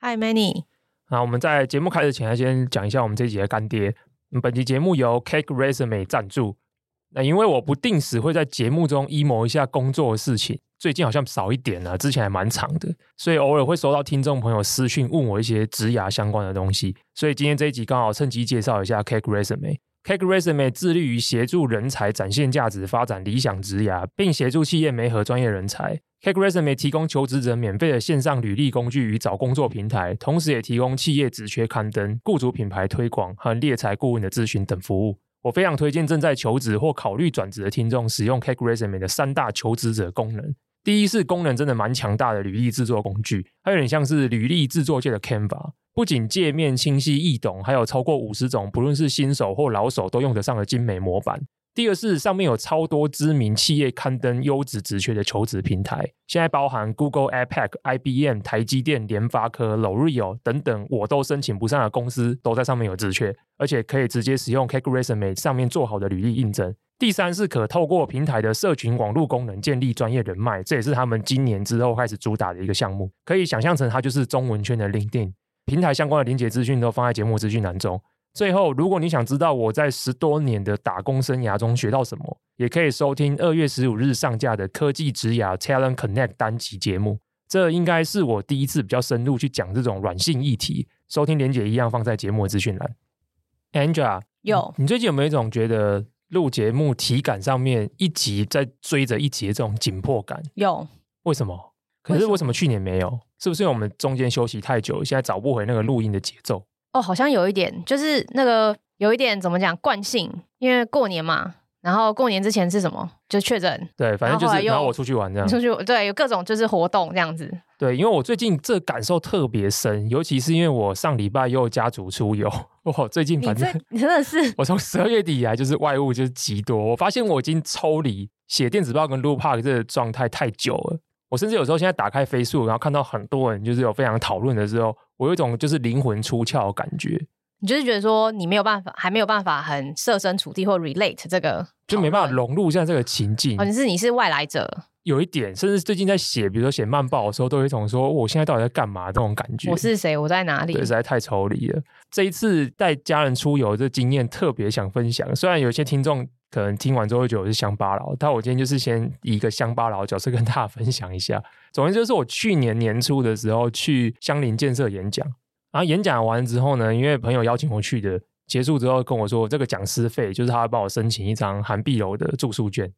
Hi, Manny，我們在節目開始前，先講一下我們這一集的乾爹。本期節目由 Cake Resume 贊助。那因為我不定時會在節目中陰謀一下工作的事情，最近好像少一點了，啊，之前還蠻長的，所以偶爾會收到聽眾朋友私訊問我一些職涯相關的東西，所以今天這一集剛好趁機介紹一下 Cake Resume。CakeResume 致力於協助人才展現價值、發展理想職涯，並協助企業媒合專業人才。CakeResume 提供求職者免費的線上履歷工具與找工作平台，同時也提供企業職缺刊登、僱主品牌推廣和獵才顧問的諮詢等服務。我非常推薦正在求職或考慮轉職的聽眾使用 CakeResume 的三大求職者功能。第一是功能真的蠻強大的履歷製作工具，它有點像是履歷製作界的 Canva。不僅界面清晰易懂，還有超過五十種，不論是新手或老手都用得上的精美模板。第二是上面有超多知名企業刊登優質職缺的求職平台，現在包含 Google、Apple、IBM、台積電、聯發科、L'Oreal 等等，我都申請不上的公司都在上面有職缺，而且可以直接使用 Cake Resume 上面做好的履歷應徵。第三是可透過平台的社群網絡功能建立專業人脈，這也是他們今年之後開始主打的一個項目，可以想象成它就是中文圈的 LinkedIn。平台相關的連結資訊都放在節目資訊欄中。最後，如果你想知道我在十多年的打工生涯中學到什麼，也可以收聽二月十五日上架的《科技職涯 Talent Connect》單集節目。這應該是我第一次比較深入去講這種軟性議題。收聽連結一樣放在節目資訊欄。Angela，有、嗯、你最近有沒有一種覺得錄節目體感上面一集在追着一集這種緊迫感？有，為什麼？可是為什麼去年沒有？是不是因為我們中間休息太久，現在找不回那個錄音的節奏？哦，好像有一點，就是那個有一點怎麼講慣性，因為過年嘛，然後過年之前是什麼？就確診。對，反正就是然後後來又，然後我出去玩這樣，出去對有各種就是活動這樣子。對，因為我最近這感受特別深，尤其是因為我上禮拜又家族出遊，哦， 最近反正真的是 我從十二月底以來就是外務就是極多，我發現我已經抽離寫電子報跟錄 park 這個狀態太久了。我甚至有時候現在打開 Facebook，然後看到很多人就是有非常討論的時候，我有一種就是靈魂出竅的感覺。你就是覺得說你沒有辦法，還沒有辦法很設身處地或 relate 這個，就沒辦法融入現在這個情境。你是你是外來者，有一點。甚至最近在寫，比如說寫曼報的時候，都有一種說我現在到底在幹嘛這種感覺。我是誰？我在哪裡？對，實在太抽離了。這一次帶家人出遊的這經驗特別想分享，雖然有一些聽眾，可能聽完之後就覺得我是鄉巴佬，但我今天就是先以一個鄉巴佬角色跟大家分享一下。總之就是我去年年初的時候去鄉林建設演講，然後演講完之後呢，因為朋友邀請我去的，結束之後跟我說，這個講師費就是他幫我申請一張涵碧樓的住宿券。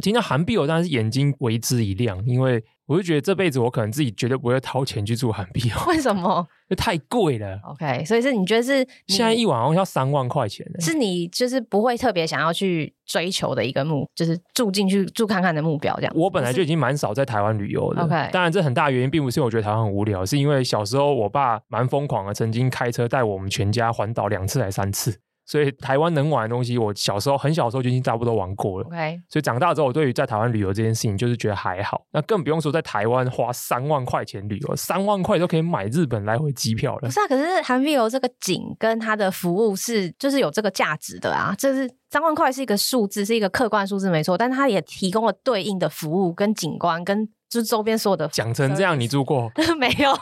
聽到涵碧樓，我當然是眼睛為之一亮，因為我就覺得這輩子我可能自己絕對不會掏錢去住涵碧樓哦。為什麼？因為 太貴了。OK，所以是你覺得是現在一晚上要三萬塊錢，是你就是不會特別想要去追求的一個目，就是住進去住看看的目標這樣子。我本來就已經蠻少在台灣旅遊的。OK，當然這很大原因並不是因為我覺得台灣很無聊，是因為小時候我爸蠻瘋狂的，曾經開車帶我們全家環島兩次還三次。所以台灣能玩的東西，我小時候很小時候就已經差不多玩過了。Okay. 所以長大之後，我對於在台灣旅遊這件事情，就是覺得還好。那更不用說在台灣花三萬塊錢旅遊，三萬塊都可以買日本來回機票了。不是啊，可是涵碧樓這個景跟它的服務是，就是有這個價值的啊。就是三萬塊是一個數字，是一個客觀數字沒錯，但它也提供了對應的服務跟景觀跟。就周邊說的講成這樣，Sorry. 你住過 沒有？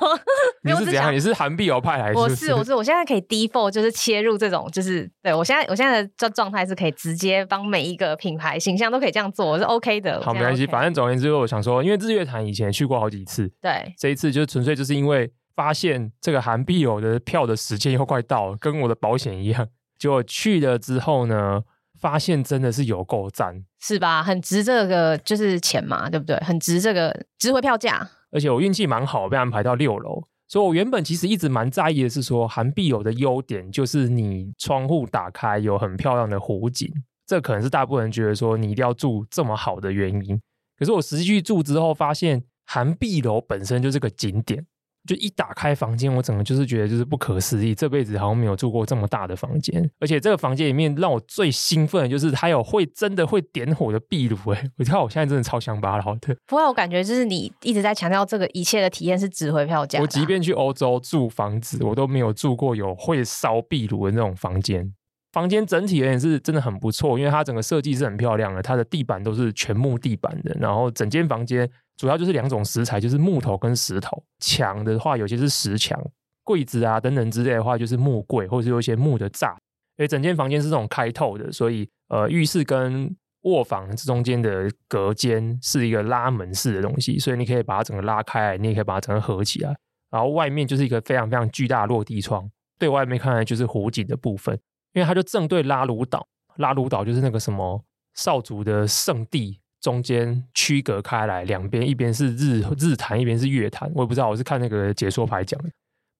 你是怎樣，你是涵碧樓派來？我是，是，是，是，我，是我是，我現在可以 default 就是切入這種，就是對我現在我現在的狀狀態是可以直接幫每一個品牌形象都可以這樣做，我是 OK 的。好，沒關係，反正總而言之，我想說，因為日月潭以前去過好幾次，對，這一次就純粹就是因為發現這個涵碧樓的票的時間又快到了，跟我的保險一樣，結果去了之後呢。發現真的是有夠讚，是吧？很值這個就是錢嘛，對不對？很值這個值回票價。而且我運氣蠻好，被安排到六樓。所以我原本其實一直蠻在意的是說，涵碧樓的優點就是你窗戶打開有很漂亮的湖景，這可能是大部分人覺得說你一定要住這麼好的原因。可是我實際去住之後，發現涵碧樓本身就是個景點。就一打開房間，我整個就是覺得就是不可思議，這輩子好像沒有住過這麼大的房間。而且這個房間裡面讓我最興奮的就是它有會真的會點火的壁爐，哎，我知道我現在真的超想把它好的。不過我感覺就是你一直在強調這個一切的體驗是值回票價，啊。我即便去歐洲住房子，我都沒有住過有會燒壁爐的那種房間。房間整體而言是真的很不錯，因為它整個設計是很漂亮的。它的地板都是全木地板的，然後整間房間主要就是兩種石材，就是木頭跟石頭。牆的話有些是石牆，櫃子啊等等之類的話就是木櫃，或者是有一些木的柵。欸整間房間是這種開透的，所以呃，浴室跟臥房這中間的隔間是一個拉門式的東西，所以你可以把它整個拉開，你也可以把它整個合起來。然後外面就是一個非常非常巨大的落地窗，對外面看來就是湖景的部分。因為他就正對拉魯島，拉魯島就是那個什麼邵族的聖地，中間區隔開來，兩邊一邊是日日潭，一邊是月潭，我也不知道，我是看那個解說牌講的。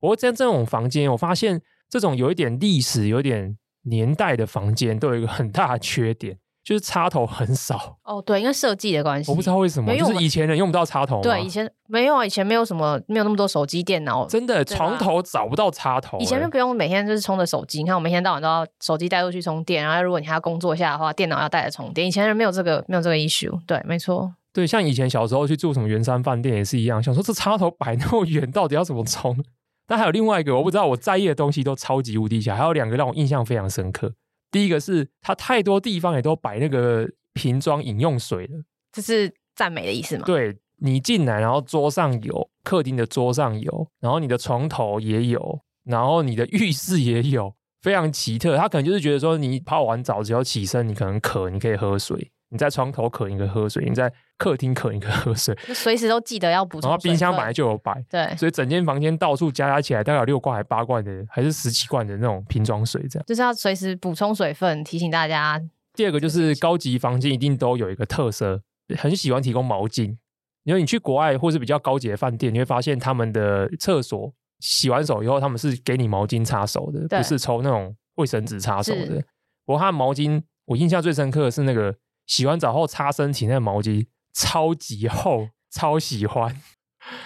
不過在這種房間，我發現這種有一點歷史、有一點年代的房間，都有一個很大的缺點。就是插頭很少哦，oh, 對，因為設計的關係，我不知道為什麼，就是以前人用不到插頭。對，以前沒有啊，以前沒有什麼，沒有那麼多手機、電腦，真的床頭找不到插頭。以前就不用每天就是充着手機，你看我每天到晚都要手機帶出去充電，然後如果你還要工作一下的話，電腦要帶着充電。以前人沒有這個，沒有這個 issue。對，沒錯。對，像以前小時候去住什麼圓山飯店也是一樣，想說這插頭擺那麼遠，到底要怎麼充？但還有另外一個我不知道我在意的東西都超級無敵小，還有兩個讓我印象非常深刻。第一個是他太多地方也都擺那個瓶裝飲用水了，這是讚美的意思嗎？對，你進來，然後桌上有，客廳的桌上有，然後你的床頭也有，然後你的浴室也有，非常奇特。他可能就是覺得說，你泡完澡只要起身，你可能渴，你可以喝水。你在床頭渴應該喝水，你在客廳渴應該喝水，隨時都記得要補充水。然後冰箱本來就有擺，對，所以整間房間到處加加起來，大概有六罐還八罐的，還是十七罐的那種瓶裝水，這樣就是要隨時補充水分，提醒大家。第二個就是高級房間一定都有一個特色，很喜歡提供毛巾，因為你去國外或是比較高級的飯店，你會發現他們的廁所洗完手以後，他們是給你毛巾擦手的，不是抽那種衛生紙擦手的。不過他的毛巾，我印象最深刻的是那個。洗完澡後擦身體那毛巾，超級厚，超喜歡。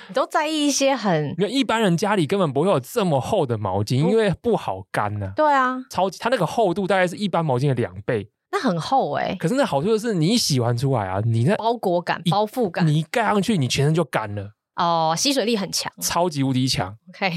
你都在意一些很，因為一般人家裡根本不會有這麼厚的毛巾，因為不好乾呢、啊嗯。對啊，超級它那個厚度大概是一般毛巾的兩倍，那很厚哎、欸。可是那好處就是你洗完出來啊，你那包裹感、包覆感，你一蓋上去你全身就乾了哦，吸水力很強，超級無敵強。OK。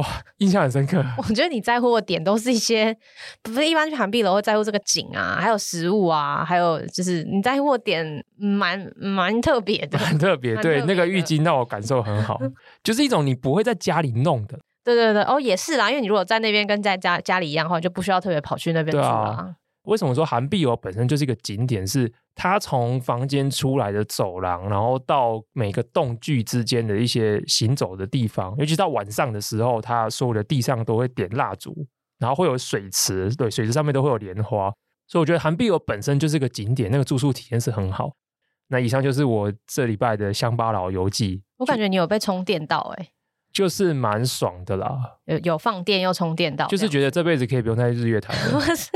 哇，印象很深刻。我覺得你在乎的點都是一些，不是一般去涵碧樓會在乎這個景啊，還有食物啊，還有就是你在乎的點蠻蠻特別的，很特別，的蠻特別的。對，那個浴巾讓我感受很好， 就是一種你不會在家裡弄的。對對對，哦也是啦，因為你如果在那邊跟在家家裡一樣的話，就不需要特別跑去那邊去為什麼說涵碧樓本身就是一個景點？是它從房間出來的走廊，然後到每個洞距之間的一些行走的地方，尤其到晚上的時候，它所有的地上都會點蠟燭，然後會有水池，對，水池上面都會有蓮花。所以我覺得涵碧樓本身就是一個景點，那個住宿體驗是很好。那以上就是我這禮拜的鄉巴佬遊記。我感覺你有被充電到哎、欸。就是蠻爽的啦，有有放電又充電到，就是覺得這輩子可以不用在日月潭，我 不是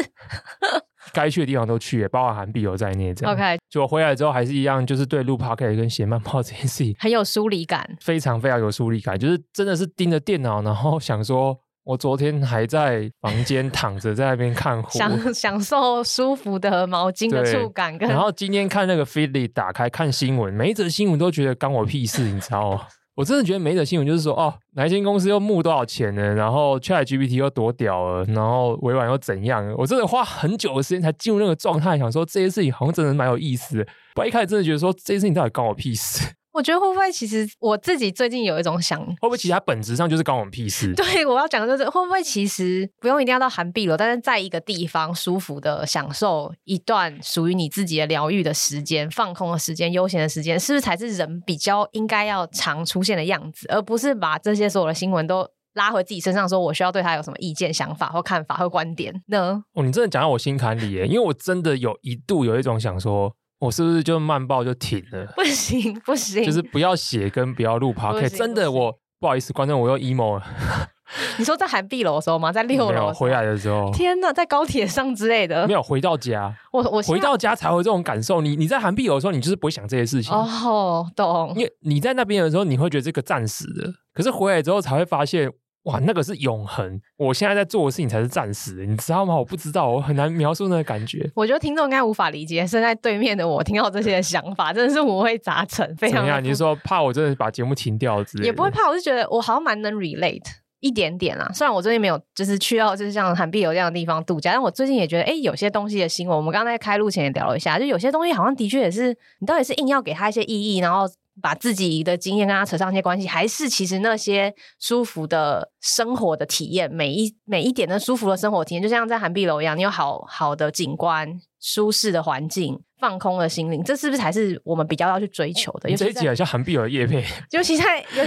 該去的地方都去，也包含涵碧樓在內這樣。這 OK，就我回來之後還是一樣，就是對錄 Podcast 跟寫漫報這件事情很有疏離感，非常非常有疏離感，就是真的是盯着電腦，然後想說我昨天還在房間躺着在那邊看火，享 享受舒服的毛巾的觸感，然後今天看那個 Feedly 打開看新聞，每一則新聞都覺得關我屁事，你知道嗎、哦？ 我真的覺得每則新聞就是說，哦，哪間公司又募多少錢呢？然後 ChatGPT 又多屌了，然後微軟又怎樣？我真的花很久的時間才進入那個狀態，想說這些事情好像真的蠻有意思的。不然一開始真的覺得說，這些事情到底關我屁事。我覺得會不會其實我自己最近有一種想，會不會其實它本質上就是關我們屁事對？對，我要講的就是，會不會其實不用一定要到涵碧樓，但是在一個地方舒服的享受一段屬於你自己的療癒的時間、放空的時間、悠閒的時間，是不是才是人比較應該要常出現的樣子？而不是把這些所有的新聞都拉回自己身上，說我需要對他有什麼意見、想法或看法或觀點呢？哦，你真的講到我心坎裡耶，因為我真的有一度有一種想說。我是不是就曼報就停了？不行不行，就是不要寫跟不要錄趴。真的我，我不,不好意思，觀眾我又 emo 了。 你說在涵碧樓的時候嗎？在六樓沒有，回來的時候。天哪，在高鐵上之類的。沒有，回到家。我我回到家才會這種感受。你你在涵碧樓的時候，你就是不會想這些事情。哦、oh,，懂。因為你在那邊的時候，你會覺得這個暫時的，可是回來之後才會發現。哇，那個是永恆，我現在在做的事情才是暫時的，你知道嗎？我不知道，我很難描述那個感覺。我覺得聽眾應該無法理解，身在對面的我聽到這些想法，嗯，真的是五味雜陳，非常。怎麼樣？你說怕我真的把節目停掉之類？也不會怕，我就覺得我好像蠻能 relate 一點點啊。雖然我最近沒有就是去到就是像涵碧樓這樣的地方度假，但我最近也覺得，哎，有些東西的新聞，我們剛才開錄前也聊了一下，就有些東西好像的確也是，你到底是硬要給他一些意義，然後。把自己的經驗跟他扯上一些關係，還是其實那些舒服的生活的體驗，每一每一點的舒服的生活體驗，就像在涵碧樓一樣，你有好好的景觀、舒適的環境、放空的心靈，這是不是才是我們比較要去追求的？欸、這一集好像涵碧樓業配，尤其在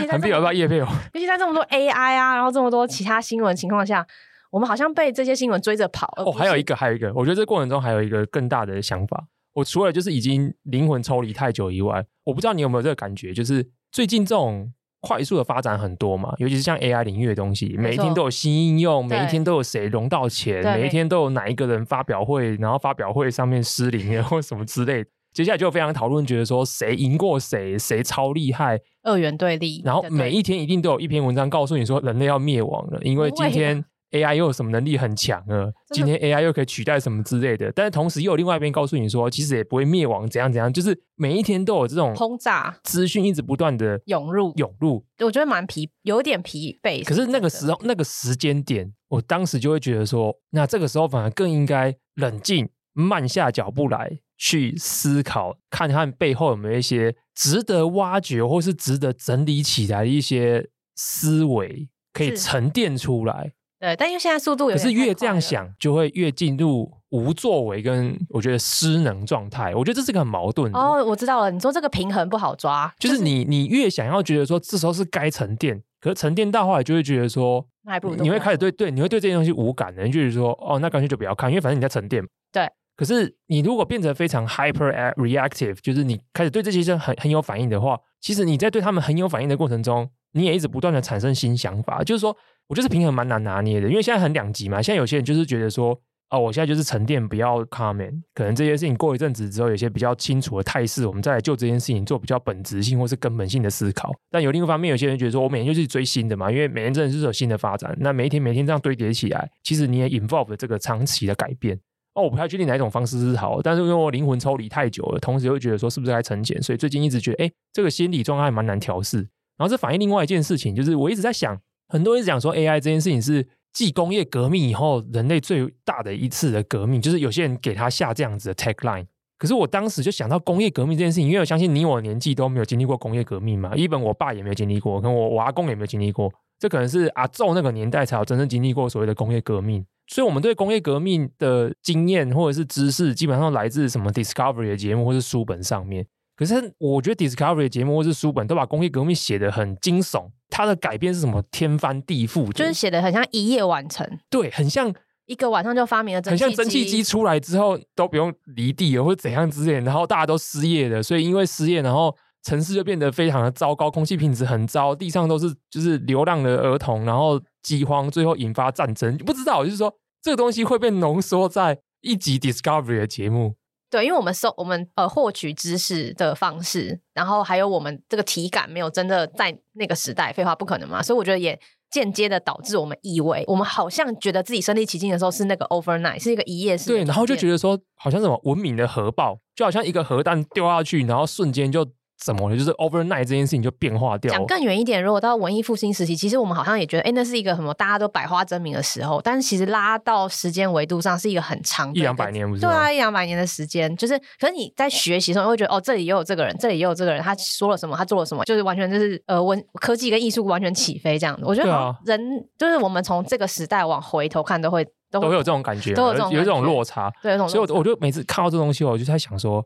涵碧樓要不要業配？尤其在這麼多 AI 啊，然後這麼多其他新聞情況下，我們好像被這些新聞追着跑。哦，還有一個，還有一個，我覺得這過程中還有一個更大的想法。我除了就是已經靈魂抽離太久以外，我不知道你有沒有這個感覺，就是最近這種快速的發展很多嘛，尤其是像 AI 領域的東西，每一天都有新應用，每一天都有誰融到錢，每一天都有哪一個人發表會，然後發表會上面失靈，然後什麼之類，接下來就非常討論，覺得說誰贏過誰，誰超厲害，二元對立，然後每一天一定都有一篇文章告訴你說人類要滅亡了，因為今天。A I 又有什麼能力很強啊？今天 A I 又可以取代什麼之類的？但是同時又有另外一邊告訴你說，其實也不會滅亡，怎樣怎樣。就是每一天都有這種轟炸資訊，一直不斷的湧入湧入。我覺得蠻疲，有點疲憊、這個。可是那個時候那個時間點，我當時就會覺得說，那這個時候反而更應該冷靜，慢下腳步來去思考，看看背後有沒有一些值得挖掘或是值得整理起來的一些思維，可以沉澱出來。對，但因為現在速度也可是越這樣想，就會越進入無作為跟我覺得失能狀態。我覺得這是個很矛盾的。哦，我知道了。你說這個平衡不好抓，就是你你越想要覺得說這時候是該沉澱，可是沉澱到後來就會覺得說那還不如你，你會開始對，對你會對這些東西無感的，就是說哦，那乾脆就不要看，因為反正你在沉澱。對。可是你如果變成非常 hyper reactive，就是你開始對這些事很很有反應的話，其實你在對他們很有反應的過程中，你也一直不斷的產生新想法，就是說。我就是平衡蠻難拿捏的，因為現在很兩級嘛。現在有些人就是覺得說，哦，我現在就是沉澱不要 comment，可能這些事情過一陣子之後，有些比較清楚的態勢，我們再來就這件事情做比較本質性或是根本性的思考。但有另一方面，有些人覺得說，我每天就是追新的嘛，因為每天真的是有新的發展。那每一天每天這樣堆疊起來，其實你也 involved 這個長期的改變。哦，我不太確定哪一種方式是好，但是因為我靈魂抽離太久了，同時又覺得說是不是該沉澱，所以最近一直覺得，哎，這個心理狀態蠻難調試。然後這反映另外一件事情，就是我一直在想。很多人講說 AI 這件事情是繼工業革命以後人類最大的一次的革命，就是有些人給他下這樣子的 tagline。可是我當時就想到工業革命這件事情，因為我相信你我的年紀都沒有經歷過工業革命嘛，一本我爸也沒有經歷過，跟我我阿公也沒有經歷過，這可能是阿祖那個年代才有真正經歷過所謂的工業革命。所以，我們對工業革命的經驗或者是知識，基本上來自什麼 Discovery 的節目或是書本上面。可是，我覺得 Discovery 的節目或是書本都把工業革命寫得很驚悚。它的改變是什麼？天翻地覆，就是寫的很像一夜完成，對，很像一個晚上就發明了蒸汽機，很像蒸汽機出來之後都不用離地了，或怎樣之類的，然後大家都失業了，所以因為失業，然後城市就變得非常的糟糕，空氣品質很糟，地上都是就是流浪的兒童，然後饑荒，最後引發戰爭，不知道，就是說這個東西會被濃縮在一集 Discovery 的節目。對，因為我們搜我們呃獲取知識的方式，然後還有我們這個體感沒有真的在那個時代，廢話不可能嘛，所以我覺得也間接的導致我們以為我們好像覺得自己身臨其境的時候是那個 overnight，是一個一夜，是一對，然後就覺得說好像什麼文明的核爆，就好像一個核彈掉下去，然後瞬間就。怎麼了？就是 overnight 這件事情就變化掉了。講更遠一點，如果到文藝復興時期，其實我們好像也覺得，哎，那是一個什麼？大家都百花爭鳴的時候。但是其實拉到時間維度上，是一個很長的一個，一兩百年，不是？對啊，一兩百年的時間，就是。可是你在學習的時候你會覺得，哦，這裡也有這個人，這裡也有這個人，他說了什麼？他做了什麼？就是完全就是，呃，文科技跟藝術完全起飛這樣子。我覺得、啊、人就是我們從這個時代往回頭看都，都會都會有這種感覺，都會有這種感覺，都有這種感覺，有這種落差。對，所以我就每次看到這東西，我就在想說。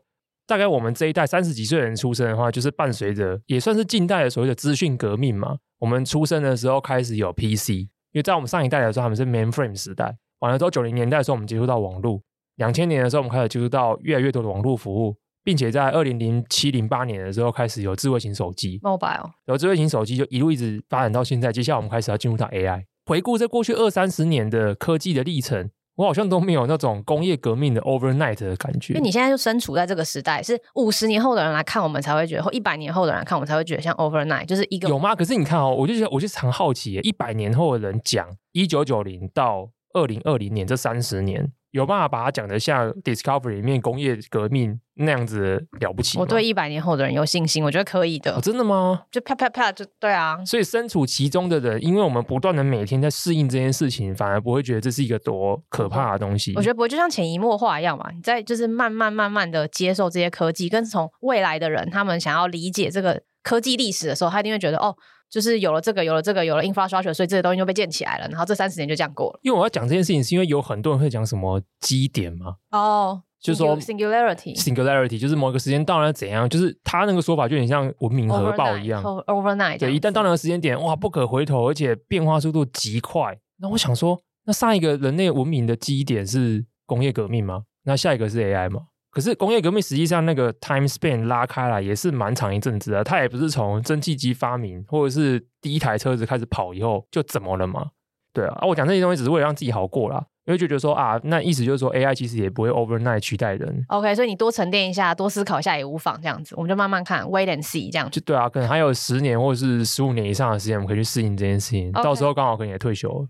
大概我們這一代三十幾歲的人出生的話，就是伴隨着也算是近代的所謂的資訊革命嘛。我們出生的時候開始有 PC，因為在我們上一代的時候他們是 Mainframe 時代，完了之後九零年代的時候我們接觸到網絡，兩千年的時候我們開始接觸到越來越多的網絡服務，並且在二零零七零八年的時候開始有智慧型手機，Mobile 哦。有智慧型手機就一路一直發展到現在，接下來我們開始要進入到 AI。回顧這過去二三十年的科技的歷程。我好像都沒有那種工業革命的 overnight 的感覺，因為你現在就身處在這個時代，是五十年後的人來看我們才會覺得，或一百年後的人來看我們才會覺得像 overnight，就是一個。有嗎？可是你看哦，我就覺得我就常好奇，一百年後的人講一九九零到二零二零年這三十年，有辦法把它講得像 Discovery 裡面工業革命那樣子了不起？我對一百年後的人有信心，我覺得可以的。哦，真的嗎？就啪啪啪，就對啊。所以身處其中的人，因為我們不斷的每天在適應這件事情，反而不會覺得這是一個多可怕的東西。我覺得不會，就像潛移默化一樣嘛。你在就是慢慢慢慢的接受這些科技，跟從未來的人他們想要理解這個科技歷史的時候，他一定會覺得哦。就是有了這個，有了這個，有了 infrastructure，所以這些東西就被建起來了。然後這三十年就這樣過了。因為我要講這件事情，是因為有很多人會講什麼基點嘛。哦、oh，就是說 singularity，singularity Singularity, 就是某一個時間到了怎樣？就是他那個說法就有點像文明核爆一樣，overnight, Overnight 這樣子。對，一旦到了那個時間點，哇，不可回頭，而且變化速度極快，嗯。那我想說，那上一個人類文明的基點是工業革命嗎？那下一個是 AI 嗎？可是工業革命實際上那個 time span 拉開來，也是蠻長一陣子的。它也不是從蒸汽機發明，或者是第一台車子開始跑以後就怎麼了嘛。對啊，啊我講這些東西只是為了讓自己好過啦。因為就覺得說啊，那意思就是說 AI 其實也不會 overnight 取代人。OK，所以你多沉澱一下，多思考一下也無妨。這樣子，我們就慢慢看，wait and see 這樣子。就對啊，可能還有十年或者是十五年以上的時間，我們可以去適應這件事情。Okay. 到時候剛好可能也退休了。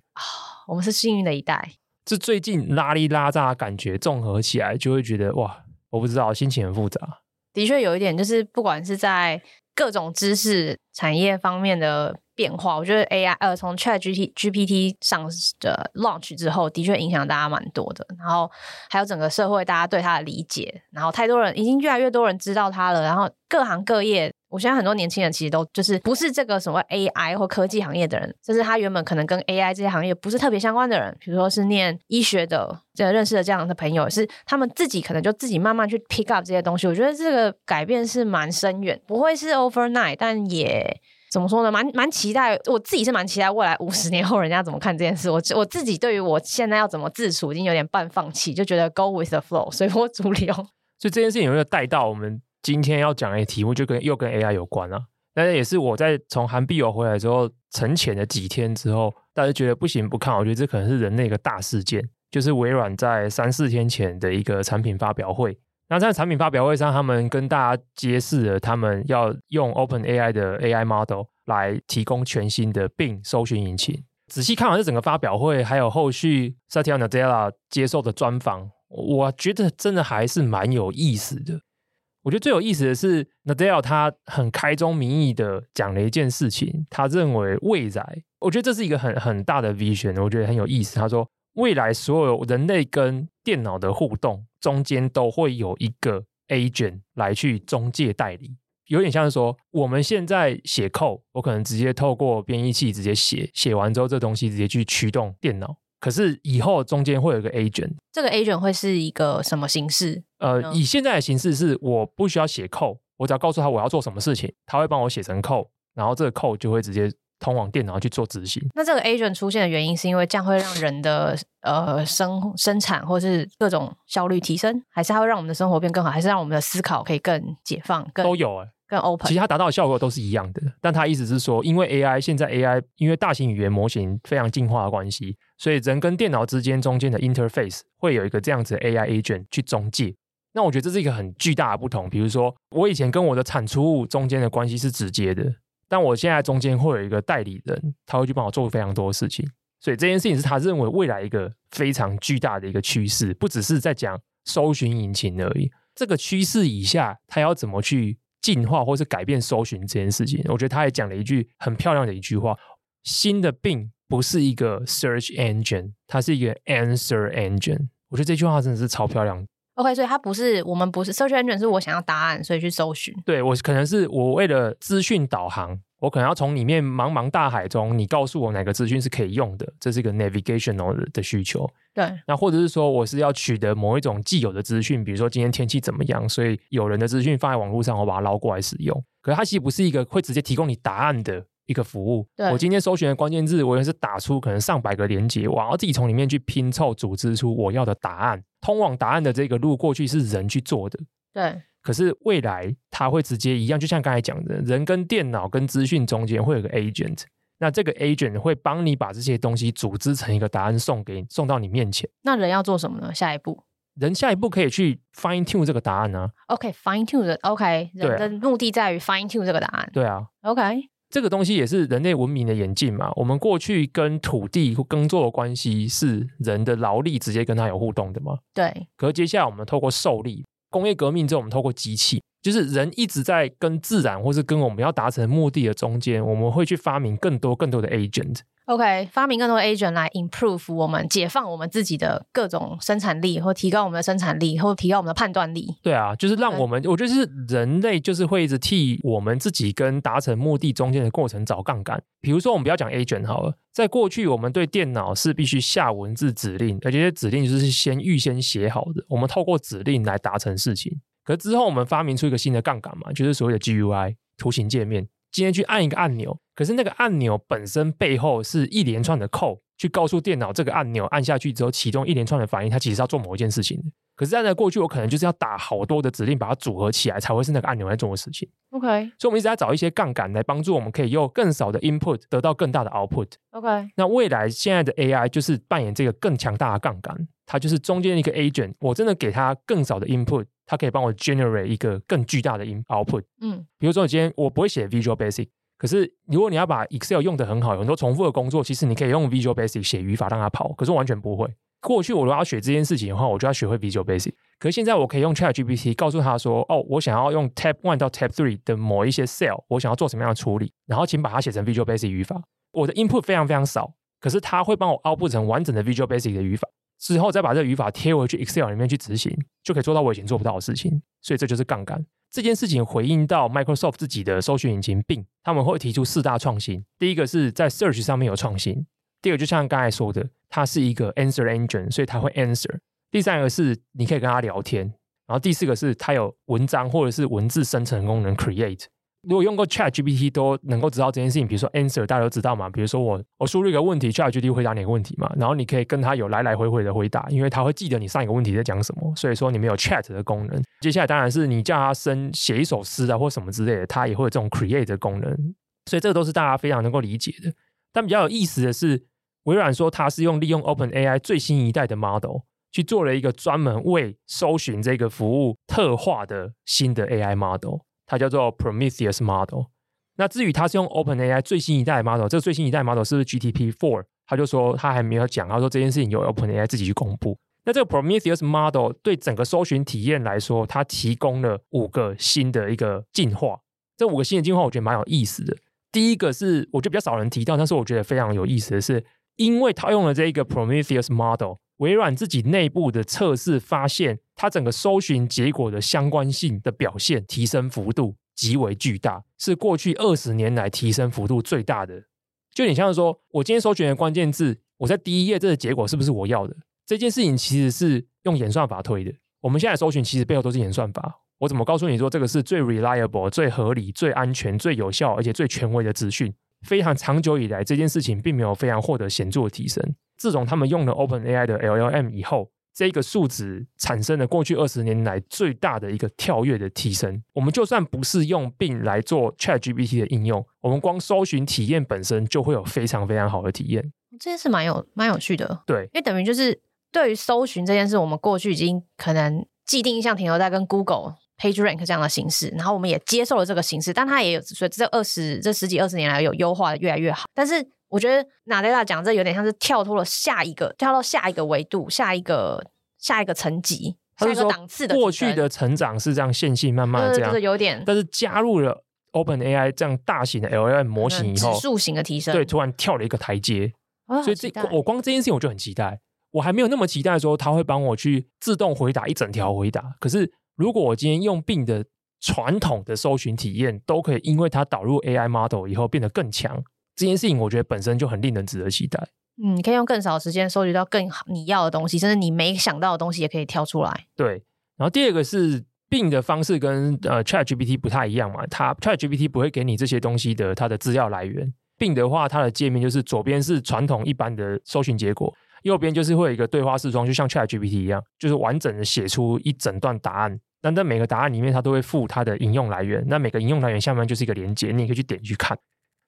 我們是幸運的一代。這最近拉里拉炸的感覺綜合起來，就會覺得哇。我不知道，心情很複雜。的確，有一點就是，不管是在各種知識產業方面的。變化，我覺得 AI 呃，從 Chat G T G P T 上的 launch 之後，的確影響大家蠻多的。然後還有整個社會，大家對它的理解，然後太多人已經越來越多人知道它了。然後各行各業，我相信很多年輕人其實都就是不是這個什麼 AI 或科技行業的人，就是他原本可能跟 AI 這些行業不是特別相關的人，比如說是念醫學的，這個認識的這樣的朋友，是他們自己可能就自己慢慢去 pick up 這些東西。我覺得這個改變是蠻深遠，不會是 overnight，但也。怎麼說呢？蠻蠻期待，我自己是蠻期待未來五十年後人家怎麼看這件事。我我自己對於我現在要怎麼自處，已經有點半放棄，就覺得 go with the flow，隨波逐流。所以這件事情有沒有帶到我們今天要講的題目，就跟又跟 AI 有關了，啊？那也是我在從涵碧樓回來之後，沉潛了幾天之後，大家覺得不行不看，我覺得這可能是人類一個大事件，就是微軟在三四天前的一個產品發表會。那在產品發表會上，他們跟大家揭示了他們要用 OpenAI 的 AI model 來提供全新的 Bing 搜尋引擎。仔細看完這整個發表會，還有後續 Satya Nadella 接受的專訪，我覺得真的還是蠻有意思的。我覺得最有意思的是 Nadella 他很開宗明義的講了一件事情，他認為未來，我覺得這是一個很很大的 vision，我覺得很有意思。他說未來所有人類跟電腦的互動。中間都會有一個 agent 來去中介代理，有點像是說，我們現在寫 code，我可能直接透過編譯器直接寫，寫完之後這東西直接去驅動電腦。可是以後中間會有個 agent，這個 agent 會是一個什麼形式？呃，以現在的形式是，我不需要寫 code，我只要告訴他我要做什麼事情，他會幫我寫成 code，然後這個 code 就會直接，通往電腦去做執行，那這個 agent 出現的原因是因為這樣會讓人的呃生生產或是各種效率提升，還是它會讓我們的生活變更好，還是讓我們的思考可以更解放，更都有、欸，更 open。其實它達到的效果都是一樣的，但它意思是說，因為 AI 現在 AI 因為大型語言模型非常進化的關係，所以人跟電腦之間中間的 interface 會有一個這樣子的 AI agent 去中介。那我覺得這是一個很巨大的不同。比如說，我以前跟我的產出物中間的關係是直接的。但我現在中間會有一個代理人，他會去幫我做非常多的事情，所以這件事情是他認為未來一個非常巨大的一個趨勢，不只是在講搜尋引擎而已。這個趨勢以下，他要怎麼去進化或是改變搜尋這件事情？我覺得他還講了一句很漂亮的一句話：新的 Bing 不是一個 search engine，它是一個 answer engine。我覺得這句話真的是超漂亮。對、okay，所以它不是我們不是 Search Engine，是我想要答案，所以去搜尋。對，我可能是我為了資訊導航，我可能要從裡面茫茫大海中，你告訴我哪個資訊是可以用的，這是一個 navigational 的需求。對，那或者是說我是要取得某一種既有的資訊，比如說今天天氣怎麼樣，所以有人的資訊放在網絡上，我把它撈過來使用。可是它其實不是一個會直接提供你答案的。一個服務。對，我今天搜尋的關鍵字，我也是打出可能上百個連接，我要自己從裡面去拼湊、組織出我要的答案。通往答案的這個路過去是人去做的，對。可是未來它會直接一樣，就像剛才講的，人跟電腦跟資訊中間會有個 agent，那這個 agent 會幫你把這些東西組織成一個答案，送給你，送到你面前。那人要做什麼呢？下一步，人下一步可以去 fine tune 這個答案啊。OK，fine tune 的，OK，啊，人的目的在於 fine tune 這個答案。對啊，OK。這個東西也是人類文明的演進嘛。我們過去跟土地耕作的關係是人的勞力直接跟它有互動的嘛。對。可是接下來我們透過獸力，工業革命之後我們透過機器。就是人一直在跟自然，或是跟我們要達成目的的中間，我們會去發明更多更多的 agent。OK，發明更多的 agent 來 improve 我們，解放我們自己的各種生產力，或提高我們的生產力，或提高我們的判斷力。對啊，就是讓我們，okay. 我覺得是人類就是會一直替我們自己跟達成目的中間的過程找槓桿。比如說，我們不要講 agent 好了，在過去我們對電腦是必須下文字指令，而這些指令就是先預先寫好的，我們透過指令來達成事情。可是之後，我們發明出一個新的槓桿嘛，就是所謂的 GUI 圖形界面。今天去按一個按鈕，可是那個按鈕本身背後是一連串的扣，去告訴電腦，這個按鈕按下去之後啟動一連串的反應，它其實要做某一件事情。可是按在過去，我可能就是要打好多的指令，把它組合起來才會是那個按鈕在做的事情。OK，所以我們一直在找一些槓桿來幫助我們，可以用更少的 input 得到更大的 output。OK，那未來現在的 AI 就是扮演這個更強大的槓桿，它就是中間一個 agent。我真的給它更少的 input。它可以幫我 generate 一個更巨大的 output。嗯，比如說我今天我不會寫 Visual Basic，可是如果你要把 Excel 用得很好，有很多重複的工作，其實你可以用 Visual Basic 寫語法讓它跑，可是我完全不會。過去我如果要學這件事情的話，我就要學會 Visual Basic，可是現在我可以用 ChatGPT 告訴他說，哦，我想要用 Tab One 到 Tab Three 的某一些 cell，我想要做什麼樣的處理，然後請把它寫成 Visual Basic 語法。我的 input 非常非常少，可是它會幫我 output 成完整的 Visual Basic 的語法。之後再把這個語法貼回去 Excel 裡面去執行，就可以做到我以前做不到的事情。所以這就是槓桿。這件事情回應到 Microsoft 自己的搜尋引擎 Bing，他們會提出四大創新。第一個是在 Search 上面有創新，第二個就像剛才說的，它是一個 Answer Engine，所以它會 Answer。第三個是你可以跟它聊天，然後第四個是它有文章或者是文字生成功能 Create。如果用過 Chat GPT，都能夠知道這件事情。比如說 Answer，大家都知道嘛。比如說我我輸入一個問題，Chat GPT 回答你個問題嘛。然後你可以跟他有來來回回的回答，因為他會記得你上一個問題在講什麼。所以說你沒有 Chat 的功能。接下來當然是你叫他生寫一首詩啊，或什麼之類的，他也會有這種 Create 的功能。所以這個都是大家非常能夠理解的。但比較有意思的是，微軟說它是用利用 Open AI 最新一代的 Model 去做了一個專門為搜尋這個服務特化的新的 AI Model。它叫做 Prometheus Model。那至於它是用 OpenAI 最新一代的 Model，這個最新一代的 Model 是不是 GPT Four？他就說他還沒有講，他說這件事情由 OpenAI 自己去公布。那這個 Prometheus Model 對整個搜尋體驗來說，它提供了五個新的一個進化。這五個新的進化，我覺得蠻有意思的。第一個是我覺得比較少人提到，但是我覺得非常有意思的是，因為它用了這一個 Prometheus Model。微軟自己內部的測試發現，它整個搜尋結果的相關性的表現提升幅度極為巨大，是過去二十年來提升幅度最大的。就你像是說，我今天搜尋的關鍵字，我在第一頁這個結果是不是我要的？這件事情其實是用演算法推的。我們現在搜尋其實背後都是演算法。我怎麼告訴你說這個是最 reliable、最合理、最安全、最有效，而且最權威的資訊？非常長久以來，這件事情並沒有非常獲得顯著的提升。自從他們用了 OpenAI 的 LLM 以後，這個數值產生了過去二十年來最大的一個跳躍的提升。我們就算不是用 Bing 來做 ChatGPT 的應用，我們光搜尋體驗本身就會有非常非常好的體驗。這件事蠻有蠻有趣的，對，因為等於就是對於搜尋這件事，我們過去已經可能既定印象停留在跟 Google PageRank 這樣的形式，然後我們也接受了這個形式，但它也有所以這二十這十幾二十年來有優化的越來越好，但是。我覺得納德拉講這有點像是跳脫了下一個，跳到下一個維度、下一個、下一個層級、下一個檔次的。過去的成長是這樣線性慢慢的這樣，就是、就是有點，但是加入了 Open AI 這樣大型的 LLM 模型以後，嗯、指數型的提升，對，突然跳了一個台階、哦。所以這我光這件事情我就很期待。我還沒有那麼期待說他會幫我去自動回答一整條回答。可是如果我今天用病的傳統的搜尋體驗都可以，因為它導入 AI model 以後變得更強。這件事情我覺得本身就很令人值得期待。嗯，你可以用更少的時間收集到更好你要的東西，甚至你沒想到的東西也可以挑出來。對。然後第二個是 Bing 的方式跟、嗯、呃 ChatGPT 不太一樣嘛，它 ChatGPT 不會給你這些東西的它的資料來源。Bing 的話，它的介面就是左邊是傳統一般的搜尋結果，右邊就是會有一個對話視窗，就像 ChatGPT 一樣，就是完整的寫出一整段答案。但在每個答案裡面，它都會附它的引用來源。那每個引用來源下面就是一個連接，你可以去點去看。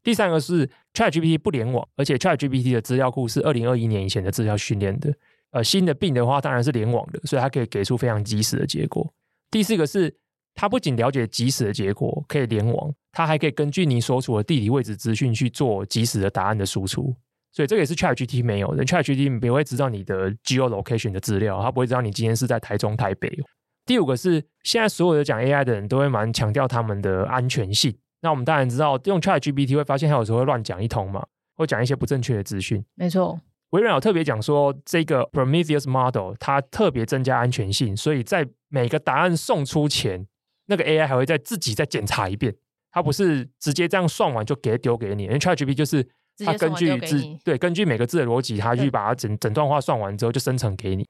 第三個是 ChatGPT 不聯網，而且 ChatGPT 的資料庫是二零二一年以前的資料訓練的。呃，新的 Bing 的話，當然是聯網的，所以它可以給出非常即時的結果。第四個是，它不僅了解即時的結果，可以聯網，它還可以根據你所處的地理位置資訊去做即時的答案的輸出。所以這個也是 ChatGPT 沒有的。ChatGPT 不會知道你的 geolocation 的資料，它不會知道你今天是在台中、台北。第五個是，現在所有的講 AI 的人都會蠻強調他們的安全性。那我們當然知道，用 Chat GPT 會發現它有時候會亂講一通嘛，會講一些不正確的資訊。沒錯，微軟有特別講說，這個 Prometheus Model 它特別增加安全性，所以在每個答案送出前，那個 AI 還會再自己再檢查一遍，它不是直接這樣算完就給丟給你。嗯，因為 Chat GPT 就是它根據字對根據每個字的邏輯，它去把它整整段話算完之後就生成給你。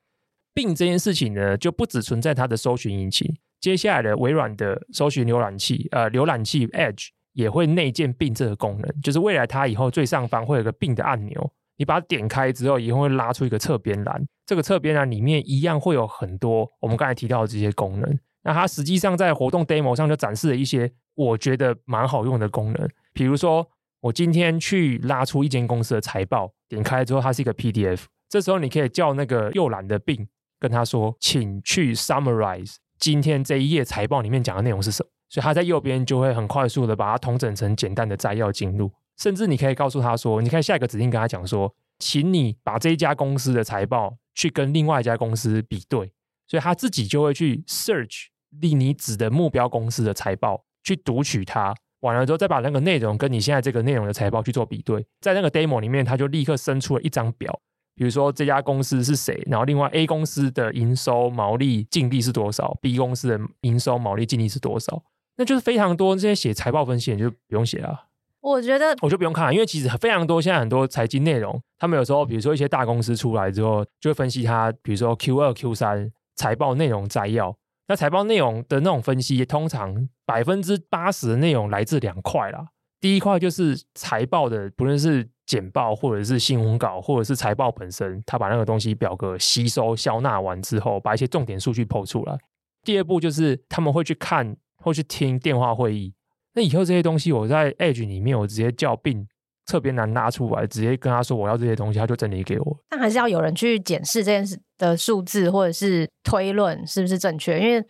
並這件事情呢，就不只存在它的搜尋引擎。接下來的微軟的搜尋瀏覽器，呃，瀏覽器 Edge 也會內建 Bing 這個功能，就是未來它以後最上方會有個 Bing 的按鈕，你把它點開之後，以後會拉出一個側邊欄，這個側邊欄裡面一樣會有很多我們剛才提到的這些功能。那它實際上在活動 demo 上就展示了一些我覺得蠻好用的功能，比如說我今天去拉出一間公司的財報，點開之後它是一個 PDF，這時候你可以叫那個右欄的 Bing 跟他說，請去 summarize。今天這一頁財報裡面講的內容是什麼？所以他在右邊就會很快速的把它統整成簡單的摘要進入，甚至你可以告訴他說：“你看下一個指令，跟他講說，請你把這一家公司的財報去跟另外一家公司比對。”所以他自己就會去 search 令你指的目標公司的財報，去讀取它，完了之後再把那個內容跟你現在這個內容的財報去做比對，在那個 demo 裡面，他就立刻生出了一張表。比如說這家公司是誰，然後另外 A 公司的營收、毛利、淨利是多少，B 公司的營收、毛利、淨利是多少，那就是非常多這些寫財報分析就不用寫了。我覺得我就不用看了，因為其實非常多現在很多財經內容，他們有時候比如說一些大公司出來之後，就會分析它，比如說 Q 二、Q 三財報內容摘要。那財報內容的那種分析，也通常百分之八十的內容來自兩塊啦。第一塊就是財報的，不論是簡報或者是新聞稿，或者是財報本身，他把那個東西表格吸收、消納完之後，把一些重點數據拋出來。第二步就是他們會去看或去聽電話會議。那以後這些東西，我在 Edge 裡面，我直接叫 Bing 特別難拉出來，直接跟他說我要這些東西，他就整理給我。但還是要有人去檢視這件事的數字或者是推論是不是正確，因為。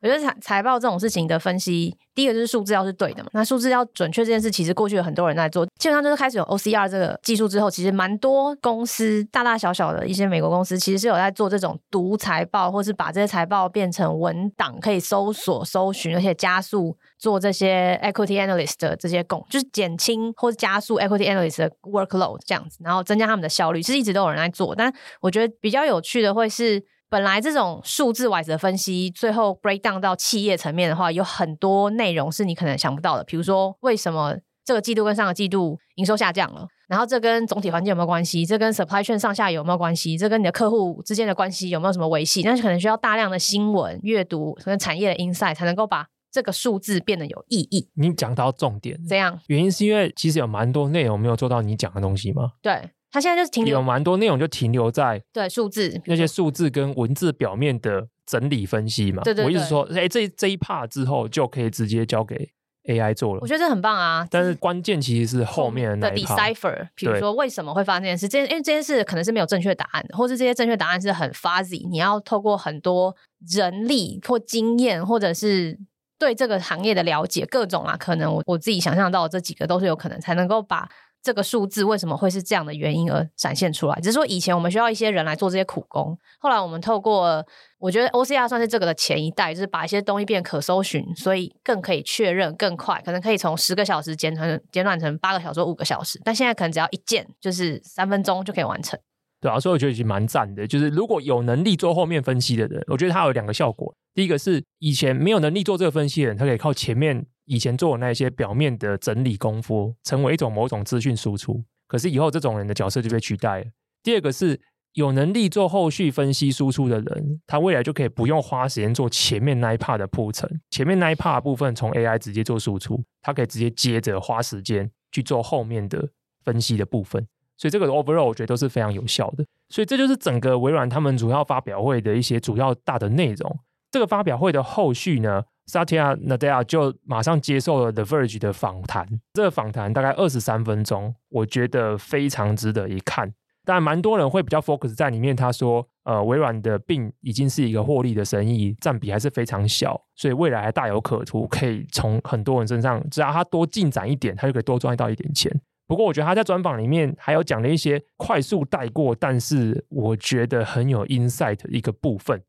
我覺得財財報這種事情的分析，第一個就是數字要是對的嘛。那數字要準確這件事，其實過去有很多人在做。基本上就是開始有 OCR 這個技術之後，其實蠻多公司大大小小的一些美國公司，其實是有在做這種讀財報，或是把這些財報變成文檔可以搜索、搜尋，而且加速做這些 equity analyst 的這些工，就是減輕或是加速 equity analyst 的 workload 這樣子，然後增加他們的效率。其實一直都有人在做，但我覺得比較有趣的會是。本來這種數字外的分析，最後 breakdown 到企業層面的話，有很多內容是你可能想不到的。譬如說，為什麼這個季度跟上個季度營收下降了？然後這跟總體環境有沒有關係？這跟 supply chain 上下有沒有關係？這跟你的客戶之間的關係有沒有什麼維繫？那是可能需要大量的新聞閱讀，跟產業的 insight 才能夠把這個數字變得有意義。你講到重點，這樣。原因是因為其實有蠻多內容沒有做到你講的東西嗎？對。它現在就是停留有蠻多內容，就停留在對數字那些數字跟文字表面的整理分析嘛。對對、對，我意思說，哎、欸，這這一 part 之後就可以直接交給 AI 做了。我覺得這很棒啊！但是關鍵其實是後面的嗯、decipher，比如說為什麼會發生這件事？這件因為這件事可能是沒有正確答案，或是這些正確答案是很 fuzzy。你要透過很多人力或經驗，或者是對這個行業的了解，各種啊，可能我我自己想象到的這幾個都是有可能才能夠把。這個數字為什麼會是這樣的原因而展現出來？只是說以前我們需要一些人來做這些苦工，後來我們透過，我覺得 OCR 算是這個的前一代，就是把一些東西變可搜尋，所以更可以確認更快，可能可以從十個小時減成減短成八個小時、五個小時，但現在可能只要一鍵就是三分鐘就可以完成。對啊，所以我覺得已經蠻讚的。就是如果有能力做後面分析的人，我覺得他有兩個效果：第一個是以前沒有能力做這個分析的人，他可以靠前面。以前做那些表面的整理功夫，成為一種某種資訊輸出。可是以後這種人的角色就被取代了。第二個是有能力做後續分析輸出的人，他未來就可以不用花時間做前面那一 part 的鋪陳，前面那一 part 的部分從 AI 直接做輸出，他可以直接接着花時間去做後面的分析的部分。所以這個 overall 我覺得都是非常有效的。所以這就是整個微軟他們主要發表會的一些主要大的內容。這個發表會的後續呢？Satya Nadella 就馬上接受了 The Verge 的訪談，這個訪談大概二十三分鐘，我覺得非常值得一看。當然，蠻多人會比較 focus 在裡面。他說：“呃，微軟的 Bing 已經是一個獲利的生意，占比還是非常小，所以未來還大有可圖，可以從很多人身上，只要他多進展一點，他就可以多賺到一點錢。”不過，我覺得他在專訪裡面還有講了一些快速帶過，但是我覺得很有 insight 的一個部分。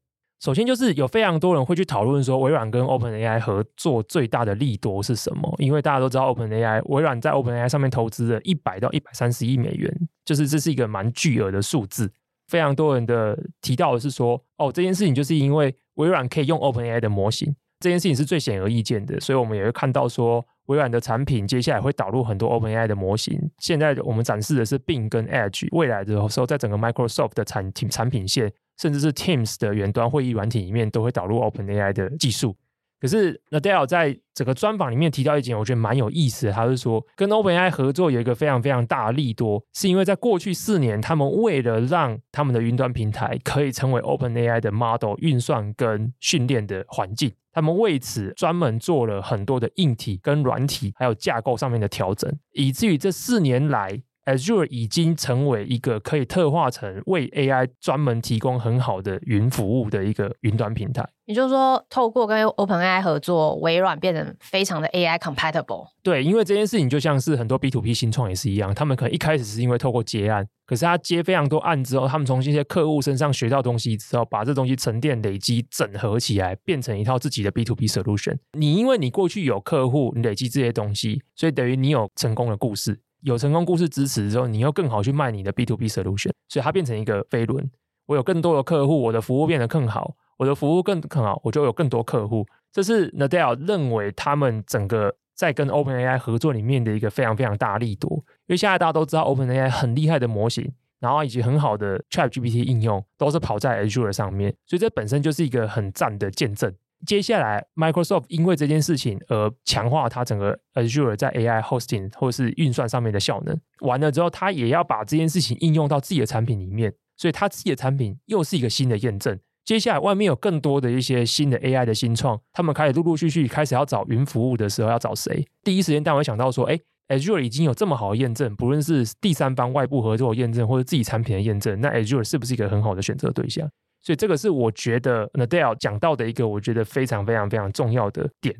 首先就是有非常多人會去討論說，微軟跟 OpenAI 合作最大的利多是什麼？因為大家都知道 OpenAI，微軟在 OpenAI 上面投資了一百到一百三十億美元，就是這是一個蠻巨額的數字。非常多人的提到的是說，哦，這件事情就是因為微軟可以用 OpenAI 的模型，這件事情是最顯而易見的。所以我們也會看到說，微軟的產品接下來會導入很多 OpenAI 的模型。現在我們展示的是 Bing 跟 Edge，未來的時候在整個 Microsoft 的產品產品線。甚至是 Teams 的遠端會議軟體裡面都會導入 OpenAI 的技術。可是 Nadella 在整個專訪裡面提到一點，我覺得蠻有意思的，他是說跟 OpenAI 合作有一個非常非常大的利多，是因為在過去四年，他們為了讓他們的雲端平台可以成為 OpenAI 的 Model 運算跟訓練的環境，他們為此專門做了很多的硬體跟軟體，還有架構上面的調整，以至於這四年來。Azure 已經成為一個可以特化成為 AI 專門提供很好的雲服務的一個雲端平台。也就是說，透過跟 OpenAI 合作，微軟變得非常的 AI compatible。對，因為這件事情就像是很多 B to B 新創也是一樣，他們可能一開始是因為透過接案，可是他接非常多案之後，他們從這些客戶身上學到東西之後，把這東西沉澱累積整合起來，變成一套自己的 B to B solution。你因為你過去有客戶，累積這些東西，所以等於你有成功的故事。有成功故事支持之後，你要更好去賣你的 B to B solution，所以它變成一個飛輪。我有更多的客戶，我的服務變得更好，我的服務更更好，我就有更多客戶。這是 Nadella 認為他們整個在跟 OpenAI 合作裡面的一個非常非常大力度，因為現在大家都知道 OpenAI 很厲害的模型，然後以及很好的 ChatGPT 應用都是跑在 Azure 上面，所以這本身就是一個很讚的見證。接下來，Microsoft 因為這件事情而強化它整個 Azure 在 AI hosting 或是運算上面的效能。完了之後，它也要把這件事情應用到自己的產品裡面，所以它自己的產品又是一個新的驗證。接下來，外面有更多的一些新的 AI 的新創，他們開始陸陸續續開始要找雲服務的時候，要找誰？第一時間，但我會想到說，欸，Azure 已經有這麼好的驗證，不論是第三方外部合作的驗證或者自己產品的驗證，那 Azure 是不是一個很好的選擇對象？所以這個是我覺得 Nadella 講到的一個我覺得非常非常非常重要的點。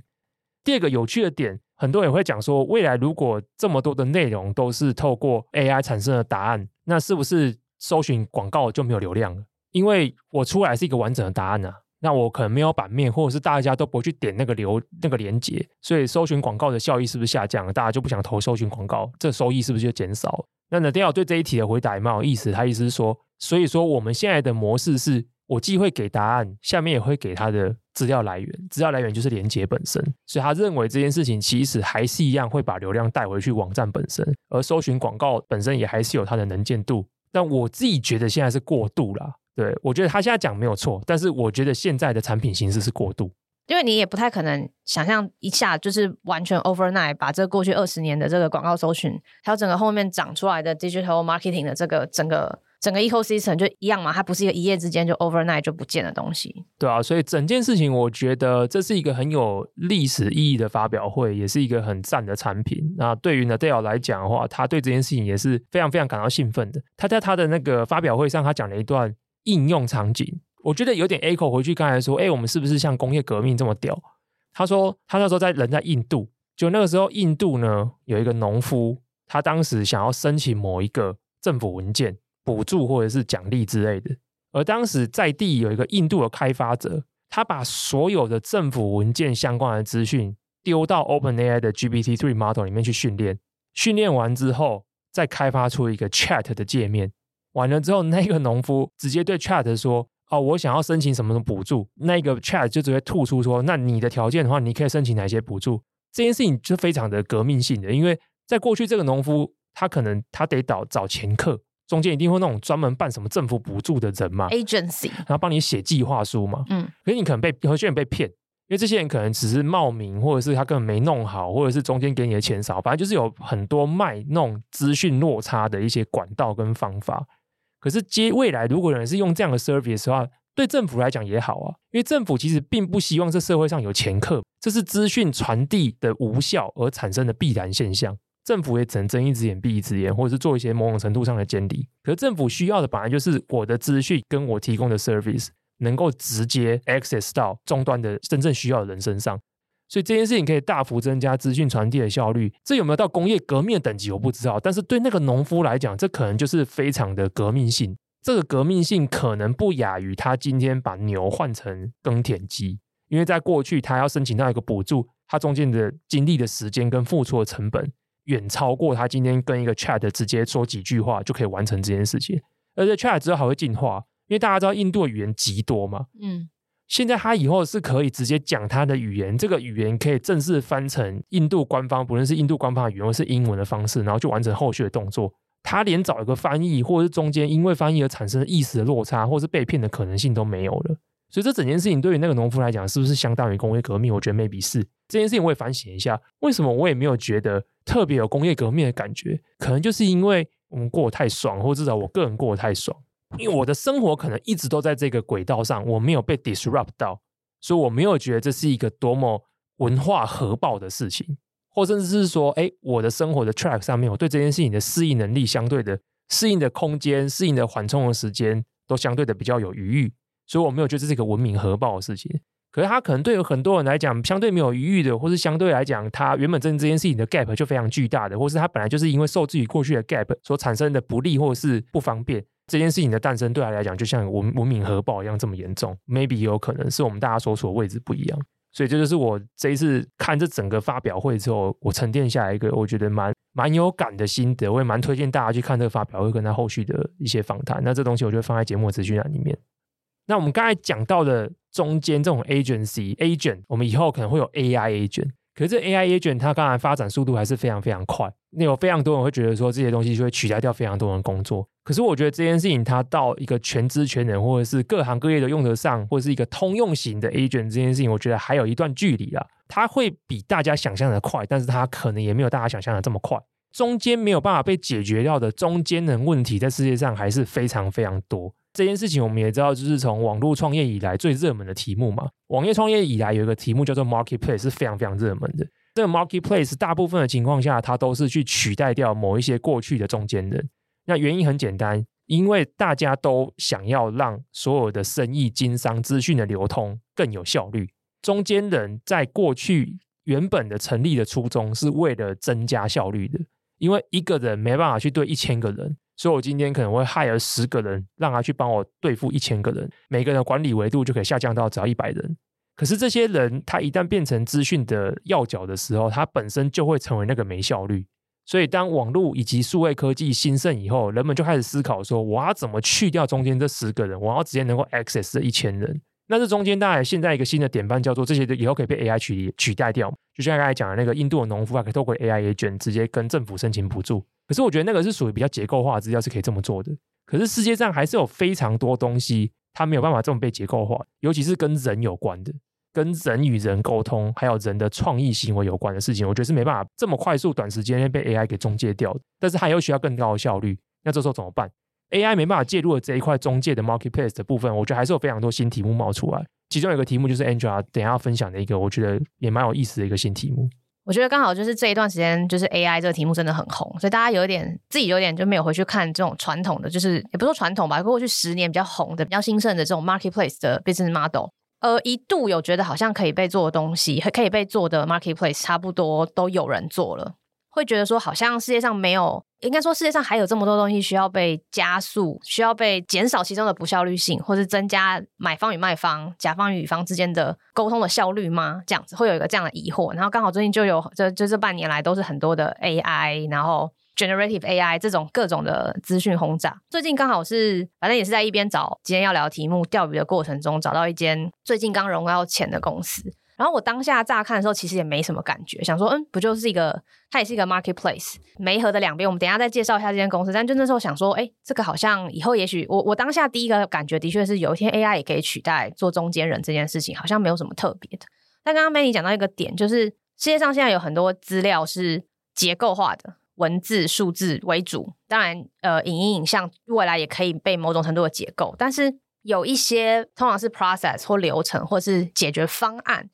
第二個有趣的點，很多人會講說，未來如果這麼多的內容都是透過 AI 產生的答案，那是不是搜尋廣告就沒有流量了？因為我出來是一個完整的答案呢、啊，那我可能沒有版面，或者是大家都不會去點那個流那個連接，所以搜尋廣告的效益是不是下降了？大家就不想投搜尋廣告，這收益是不是就減少了？那 Nadella 對這一題的回答也蠻有意思，他意思是說，所以說，我們現在的模式是我既會給答案，下面也會給他的資料來源。資料來源就是連結本身，所以他認為這件事情其實還是一樣會把流量帶回去網站本身，而搜尋廣告本身也還是有它的能見度。但我自己覺得現在是過度啦。對，我覺得他現在講沒有錯，但是我覺得現在的產品形式是過度，因為你也不太可能想象一下，就是完全 overnight 把這過去二十年的這個廣告搜尋，還有整個後面長出來的 digital marketing 的這個整個。整個 ecosystem 就一樣嘛，它不是一個一夜之間就 overnight 就不見的東西。對啊，所以整件事情，我覺得這是一個很有歷史意義的發表會，也是一個很讚的產品。那對於 Nadella 來講的話，他對這件事情也是非常非常感到興奮的。他在他的那個發表會上，他講了一段應用場景，我覺得有點 echo 回去剛才說，欸，我們是不是像工業革命這麼屌？他說他那時候在人在印度，就那個時候印度呢有一個農夫，他當時想要申請某一個政府文件。補助或者是獎勵之類的，而當時在地有一個印度的開發者，他把所有的政府文件相關的資訊丟到 OpenAI 的 GPT-3 model 裡面去訓練，訓練完之後再開發出一個 Chat 的界面。完了之後，那個農夫直接對 Chat 說：“哦，我想要申請什麼什麼補助。”那個 Chat 就直接吐出說：“那你的條件的話，你可以申請哪些補助？”這件事情就非常的革命性的，因為在過去這個農夫他可能他得找找掮客。中間一定會那種專門辦什麼政府補助的人嘛，agency，然後幫你寫計劃書嘛，嗯，可是你可能被有些人被騙，因為這些人可能只是冒名，或者是他根本沒弄好，或者是中間給你的錢少，反正就是有很多賣弄資訊落差的一些管道跟方法。可是接未來如果有人是用這樣的 service 的話，對政府來講也好啊，因為政府其實並不希望這社會上有前科，這是資訊傳遞的無效而產生的必然現象。政府也只能睜一隻眼閉一隻眼，或者是做一些某種程度上的監理。可是政府需要的本來就是我的資訊跟我提供的 service 能夠直接 access 到終端的真正需要的人身上，所以這件事情可以大幅增加資訊傳遞的效率。這有沒有到工業革命的等級我不知道，但是對那個農夫來講，這可能就是非常的革命性。這個革命性可能不亞於他今天把牛換成耕田機，因為在過去他要申請到一個補助，他中間的經歷的時間跟付出的成本，遠超過他今天跟一個 Chat 直接說幾句話就可以完成這件事情，而且 Chat 之後還會進化，因為大家知道印度的語言極多嘛，嗯，現在他以後是可以直接講他的語言，這個語言可以正式翻成印度官方，不論是印度官方的語言或是英文的方式，然後去完成後續的動作，他連找一個翻譯，或者是中間因為翻譯而產生意識的落差，或是被騙的可能性都沒有了。所以這整件事情對於那個農夫來講，是不是相當於工業革命？我覺得 maybe 是。這件事情我也反省一下，為什麼我也沒有覺得特別有工業革命的感覺？可能就是因為我們過得太爽，或者至少我個人過得太爽。因為我的生活可能一直都在這個軌道上，我沒有被 disrupt 到，所以我沒有覺得這是一個多麼文化核爆的事情，或甚至是說，哎，我的生活的 track 上面，我對這件事情的適應能力相對的適應的空間、適應的緩衝的時間，都相對的比較有餘裕。所以我沒有覺得這是一個文明核爆的事情，可是他可能對有很多人來講，相對沒有餘裕的，或是相對來講，他原本這這件事情的 gap 就非常巨大的，或是他本來就是因為受制於過去的 gap 所產生的不利或是不方便，這件事情的誕生對他來講，就像文文明核爆一樣這麼嚴重，maybe 也有可能是我們大家所處的位置不一樣，所以這就,就是我這一次看這整個發表會之後，我沉澱下來一個我覺得蠻蠻有感的心得，我也蠻推薦大家去看這個發表會跟他後續的一些訪談，那這東西我就放在節目資訊欄裡面。那我們剛才講到的中間這種 agency agent，我們以後可能會有 AI agent，可是這 AI agent 它剛才發展速度還是非常非常快。那有非常多人會覺得說，這些東西就會取代掉非常多人工作，可是我覺得這件事情它到一個全知全能，或者是各行各業都用得上，或者是一個通用型的 agent 這件事情，我覺得還有一段距離啊。它會比大家想象的快，但是它可能也沒有大家想象的這麼快。中間沒有辦法被解決掉的中間人問題，在世界上還是非常非常多。這件事情我們也知道，就是從網路創業以來最熱門的題目嘛。網頁創業以來有一個題目叫做 marketplace，是非常非常熱門的。這個 marketplace 大部分的情況下，它都是去取代掉某一些過去的中間人。那原因很簡單，因為大家都想要讓所有的生意、經商、資訊的流通更有效率。中間人在過去原本的成立的初衷是為了增加效率的，因為一個人沒辦法去對一千個人。所以我今天可能會 hire 十個人，讓他去幫我對付一千個人，每個人的管理維度就可以下降到只要一百人。可是這些人他一旦變成資訊的要角的時候，他本身就會成為那個沒效率。所以當網絡以及數位科技興盛以後，人們就開始思考說，我要怎麼去掉中間這十個人，我要直接能夠 access 這一千人。那這中間當然現在一個新的典範叫做這些都以後可以被 AI 取取代掉。就像剛才講的那個印度的農夫啊，可以透過 AI agent 直接跟政府申請補助。可是我覺得那個是屬於比較結構化資料是可以這麼做的。可是世界上還是有非常多東西，它沒有辦法這麼被結構化，尤其是跟人有關的，跟人與人溝通，還有人的創意行為有關的事情，我覺得是沒辦法這麼快速、短時間內被 AI 給中介掉的。但是它又需要更高的效率，那這時候怎麼辦？AI 沒辦法介入的這一塊中介的 marketplace 的部分，我覺得還是有非常多新題目冒出來。其中有一個題目就是 Angela 等一下分享的一個，我覺得也蠻有意思的一個新題目。我覺得剛好就是這一段時間，就是 AI 這個題目真的很紅，所以大家有點自己有點就沒有回去看這種傳統的，就是也不說傳統吧，過、過去十年比較紅的、比較興盛的這種 marketplace 的 business model，而一度有覺得好像可以被做的東西，可以被做的 marketplace 差不多都有人做了。會覺得說，好像世界上沒有，應該說世界上還有這麼多東西需要被加速，需要被減少其中的不效率性，或是增加買方與賣方、甲方與乙方之間的溝通的效率嗎？這樣子會有一個這樣的疑惑。然後剛好最近就有，就就這半年來都是很多的 AI，然後 Generative AI 這種各種的資訊轟炸。最近剛好是，反正也是在一邊找今天要聊題目釣魚的過程中，找到一間最近剛融到錢的公司。然後我當下乍看的時候，其實也沒什麼感覺，想說，嗯，不就是一個，它也是一個 marketplace。媒合的兩邊，我們等一下再介紹一下這間公司。但就那時候想說，哎、欸，這個好像以後也許，我我當下第一個感覺的確是，有一天 AI 也可以取代做中間人這件事情，好像沒有什麼特別的。但剛剛 Manny 講到一個點，就是世界上現在有很多資料是結構化的，文字、數字為主，當然，呃，影音、影像未來也可以被某種程度的結構，但是有一些通常是 process 或流程，或者是解決方案。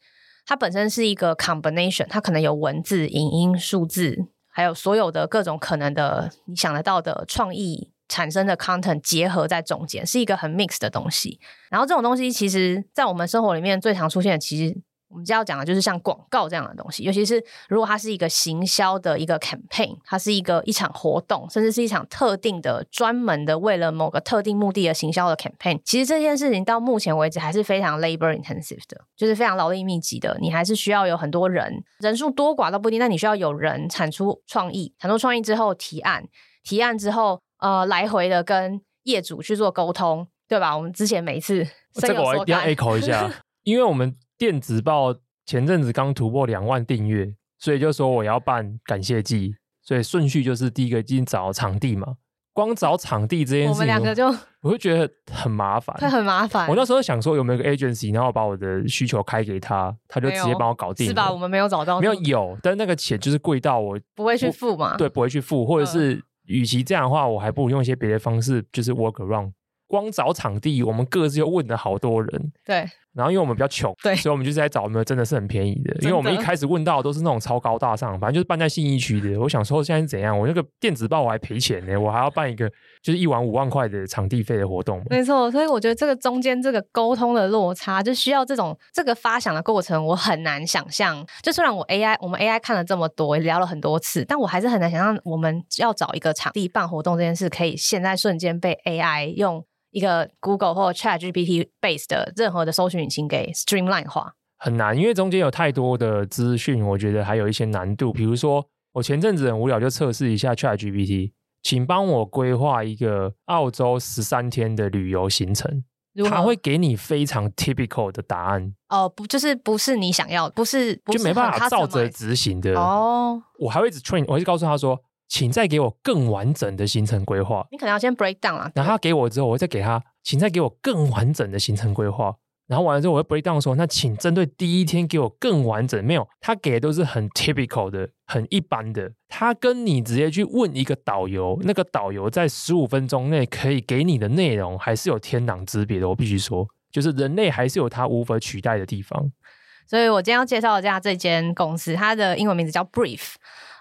它本身是一個 combination，它可能有文字、影音、數字，還有所有的各種可能的你想得到的創意產生的 content 結合在中間，是一個很 mix 的東西。然後這種東西其實，在我們生活裡面最常出現，其實。我們今天要講的就是像廣告這樣的東西，尤其是如果它是一個行銷的一個 campaign，它是一個一場活動，甚至是一場特定的、專門的，為了某個特定目的而行銷的 campaign。其實這件事情到目前為止還是非常 labor intensive 的，就是非常勞力密集的。你還是需要有很多人，人數多寡都不一定，但你需要有人產出創意，產出創意之後提案，提案之後呃來回的跟業主去做溝通，對吧？我們之前每一次、哦、這個我要 echo 一下， 因為我們。電子報前陣子剛突破兩萬訂閱，所以就說我要辦感謝祭，所以順序就是第一個先找場地嘛。光找場地這件事情，我們兩個就，我我會覺得很麻煩，很麻煩。我那時候想說有沒有一個 agency，然後把我的需求開給他，他就直接幫我搞定了，是吧？我們沒有找到，沒有有，但那個錢就是貴到我不會去付嘛，對，不會去付，或者是、嗯、與其這樣的話，我還不如用一些別的方式，就是 work around。光找場地，我們各自又問了好多人，對。然後，因為我們比較窮，對，所以我們就在找，我們真的是很便宜的。因為我們一開始問到都是那種超高大上，反正就是辦在信義區的。我想說現在是怎樣，我那個電子報我還賠錢呢，我還要辦一個就是一晚五萬塊的場地費的活動。沒錯，所以我覺得這個中間這個溝通的落差，就需要這種這個發想的過程，我很難想象。就雖然我 AI 我們 AI 看了這麼多，也聊了很多次，但我還是很難想象我們要找一個場地辦活動這件事，可以現在瞬間被 AI 用，一個 Google 或 ChatGPT based 的任何的搜尋引擎給 streamline 化很難，因為中間有太多的資訊，我覺得還有一些難度。比如說，我前陣子很無聊，就測試一下 ChatGPT，請幫我規劃一個澳洲十三天的旅遊行程。它會給你非常 typical 的答案。哦，不，就是不是你想要，不是，不是就沒辦法照着執行的哦。我還會一直 train，我會告訴他說。請再給我更完整的行程規劃。你可能要先 break down 啊，然後他給我之後，我再給他，請再給我更完整的行程規劃。然後完了之後，我會 break down 說，那請針對第一天給我更完整。沒有，他給的都是很 typical 的，很一般的。他跟你直接去問一個導遊，那個導遊在十五分鐘內可以給你的內容，還是有天壤之別的。我必須說，就是人類還是有他無法取代的地方。所以我今天要介紹一下這間公司，它的英文名字叫 Breef。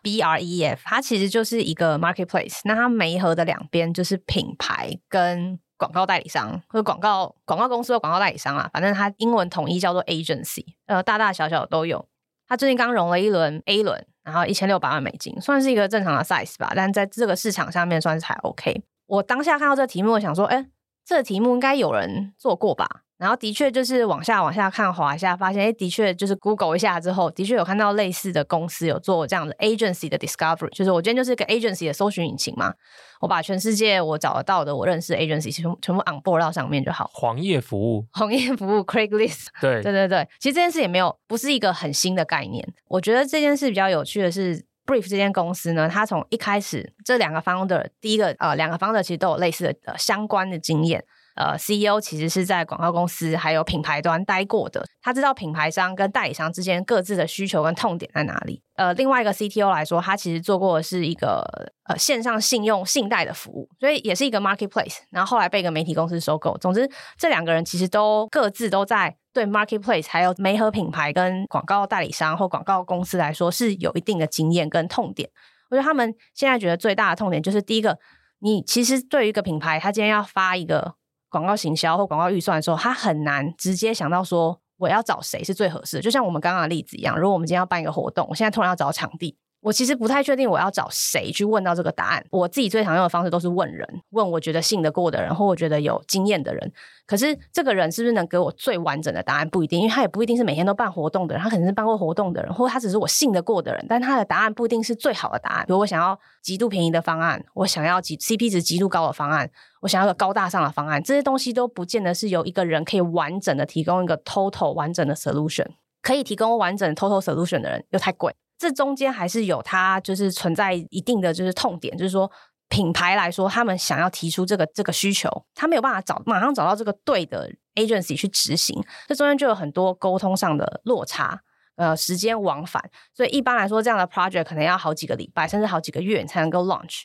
B R E F，它其實就是一個 marketplace。那它媒合的兩邊就是品牌跟廣告代理商，或者廣告廣告公司的廣告代理商啊，反正它英文統一叫做 agency，呃，大大小小都有。它最近剛融了一輪 A 輪，然後一千六百萬美金，算是一個正常的 size 吧。但在這個市場上面，算是還 OK。我當下看到這個題目，我想說，哎，這個題目應該有人做過吧？然後的確就是往下往下看，滑一下，發現哎，的確就是 Google 一下之後，的確有看到類似的公司有做這樣的 agency 的 discovery。就是我今天就是一個 agency 的搜尋引擎嘛，我把全世界我找得到的我認識的 agency 全全部 onboard 到上面就好。黃頁服務，黃頁服務 Craigslist，對對對對，其實這件事也沒有不是一個很新的概念。我覺得這件事比較有趣的是，Breef 這間公司呢，它從一開始這兩個 founder 第一個呃兩個 founder 其實都有類似的、呃、相關的經驗。呃，CEO 其實是在廣告公司還有品牌端待過的，他知道品牌商跟代理商之間各自的需求跟痛點在哪裡。呃，另外一個 CTO 來說，他其實做過的是一個呃線上信用信貸的服務，所以也是一個 marketplace。然後後來被一個媒體公司收購。總之，這兩個人其實都各自都在對 marketplace 還有媒合品牌跟廣告代理商或廣告公司來說是有一定的經驗跟痛點。我覺得他們現在覺得最大的痛點就是第一個，你其實對於一個品牌，他今天要發一個。廣告行銷或廣告預算的時候，他很難直接想到說我要找誰是最合適的。就像我們剛剛的例子一樣，如果我們今天要辦一個活動，我現在突然要找場地，我其實不太確定我要找誰去問到這個答案。我自己最常用的方式都是問人，問我覺得信得過的人或我覺得有經驗的人。可是這個人是不是能給我最完整的答案？不一定，因為他也不一定是每天都辦活動的人，他可能是辦過活動的人，或他只是我信得過的人，但他的答案不一定是最好的答案。比如我想要極度便宜的方案，我想要 CP 值極度高的方案。我想要一個高大上的方案，這些東西都不見得是由一個人可以完整的提供一個 total 完整的 solution。可以提供完整 total solution 的人又太貴，這中間還是有它就是存在一定的就是痛點，就是說品牌來說，他們想要提出這個這個需求，他沒有辦法找馬上找到這個對的 agency 去執行，這中間就有很多溝通上的落差，呃，時間往返，所以一般來說這樣的 project 可能要好幾個禮拜，甚至好幾個月你才能夠 launch。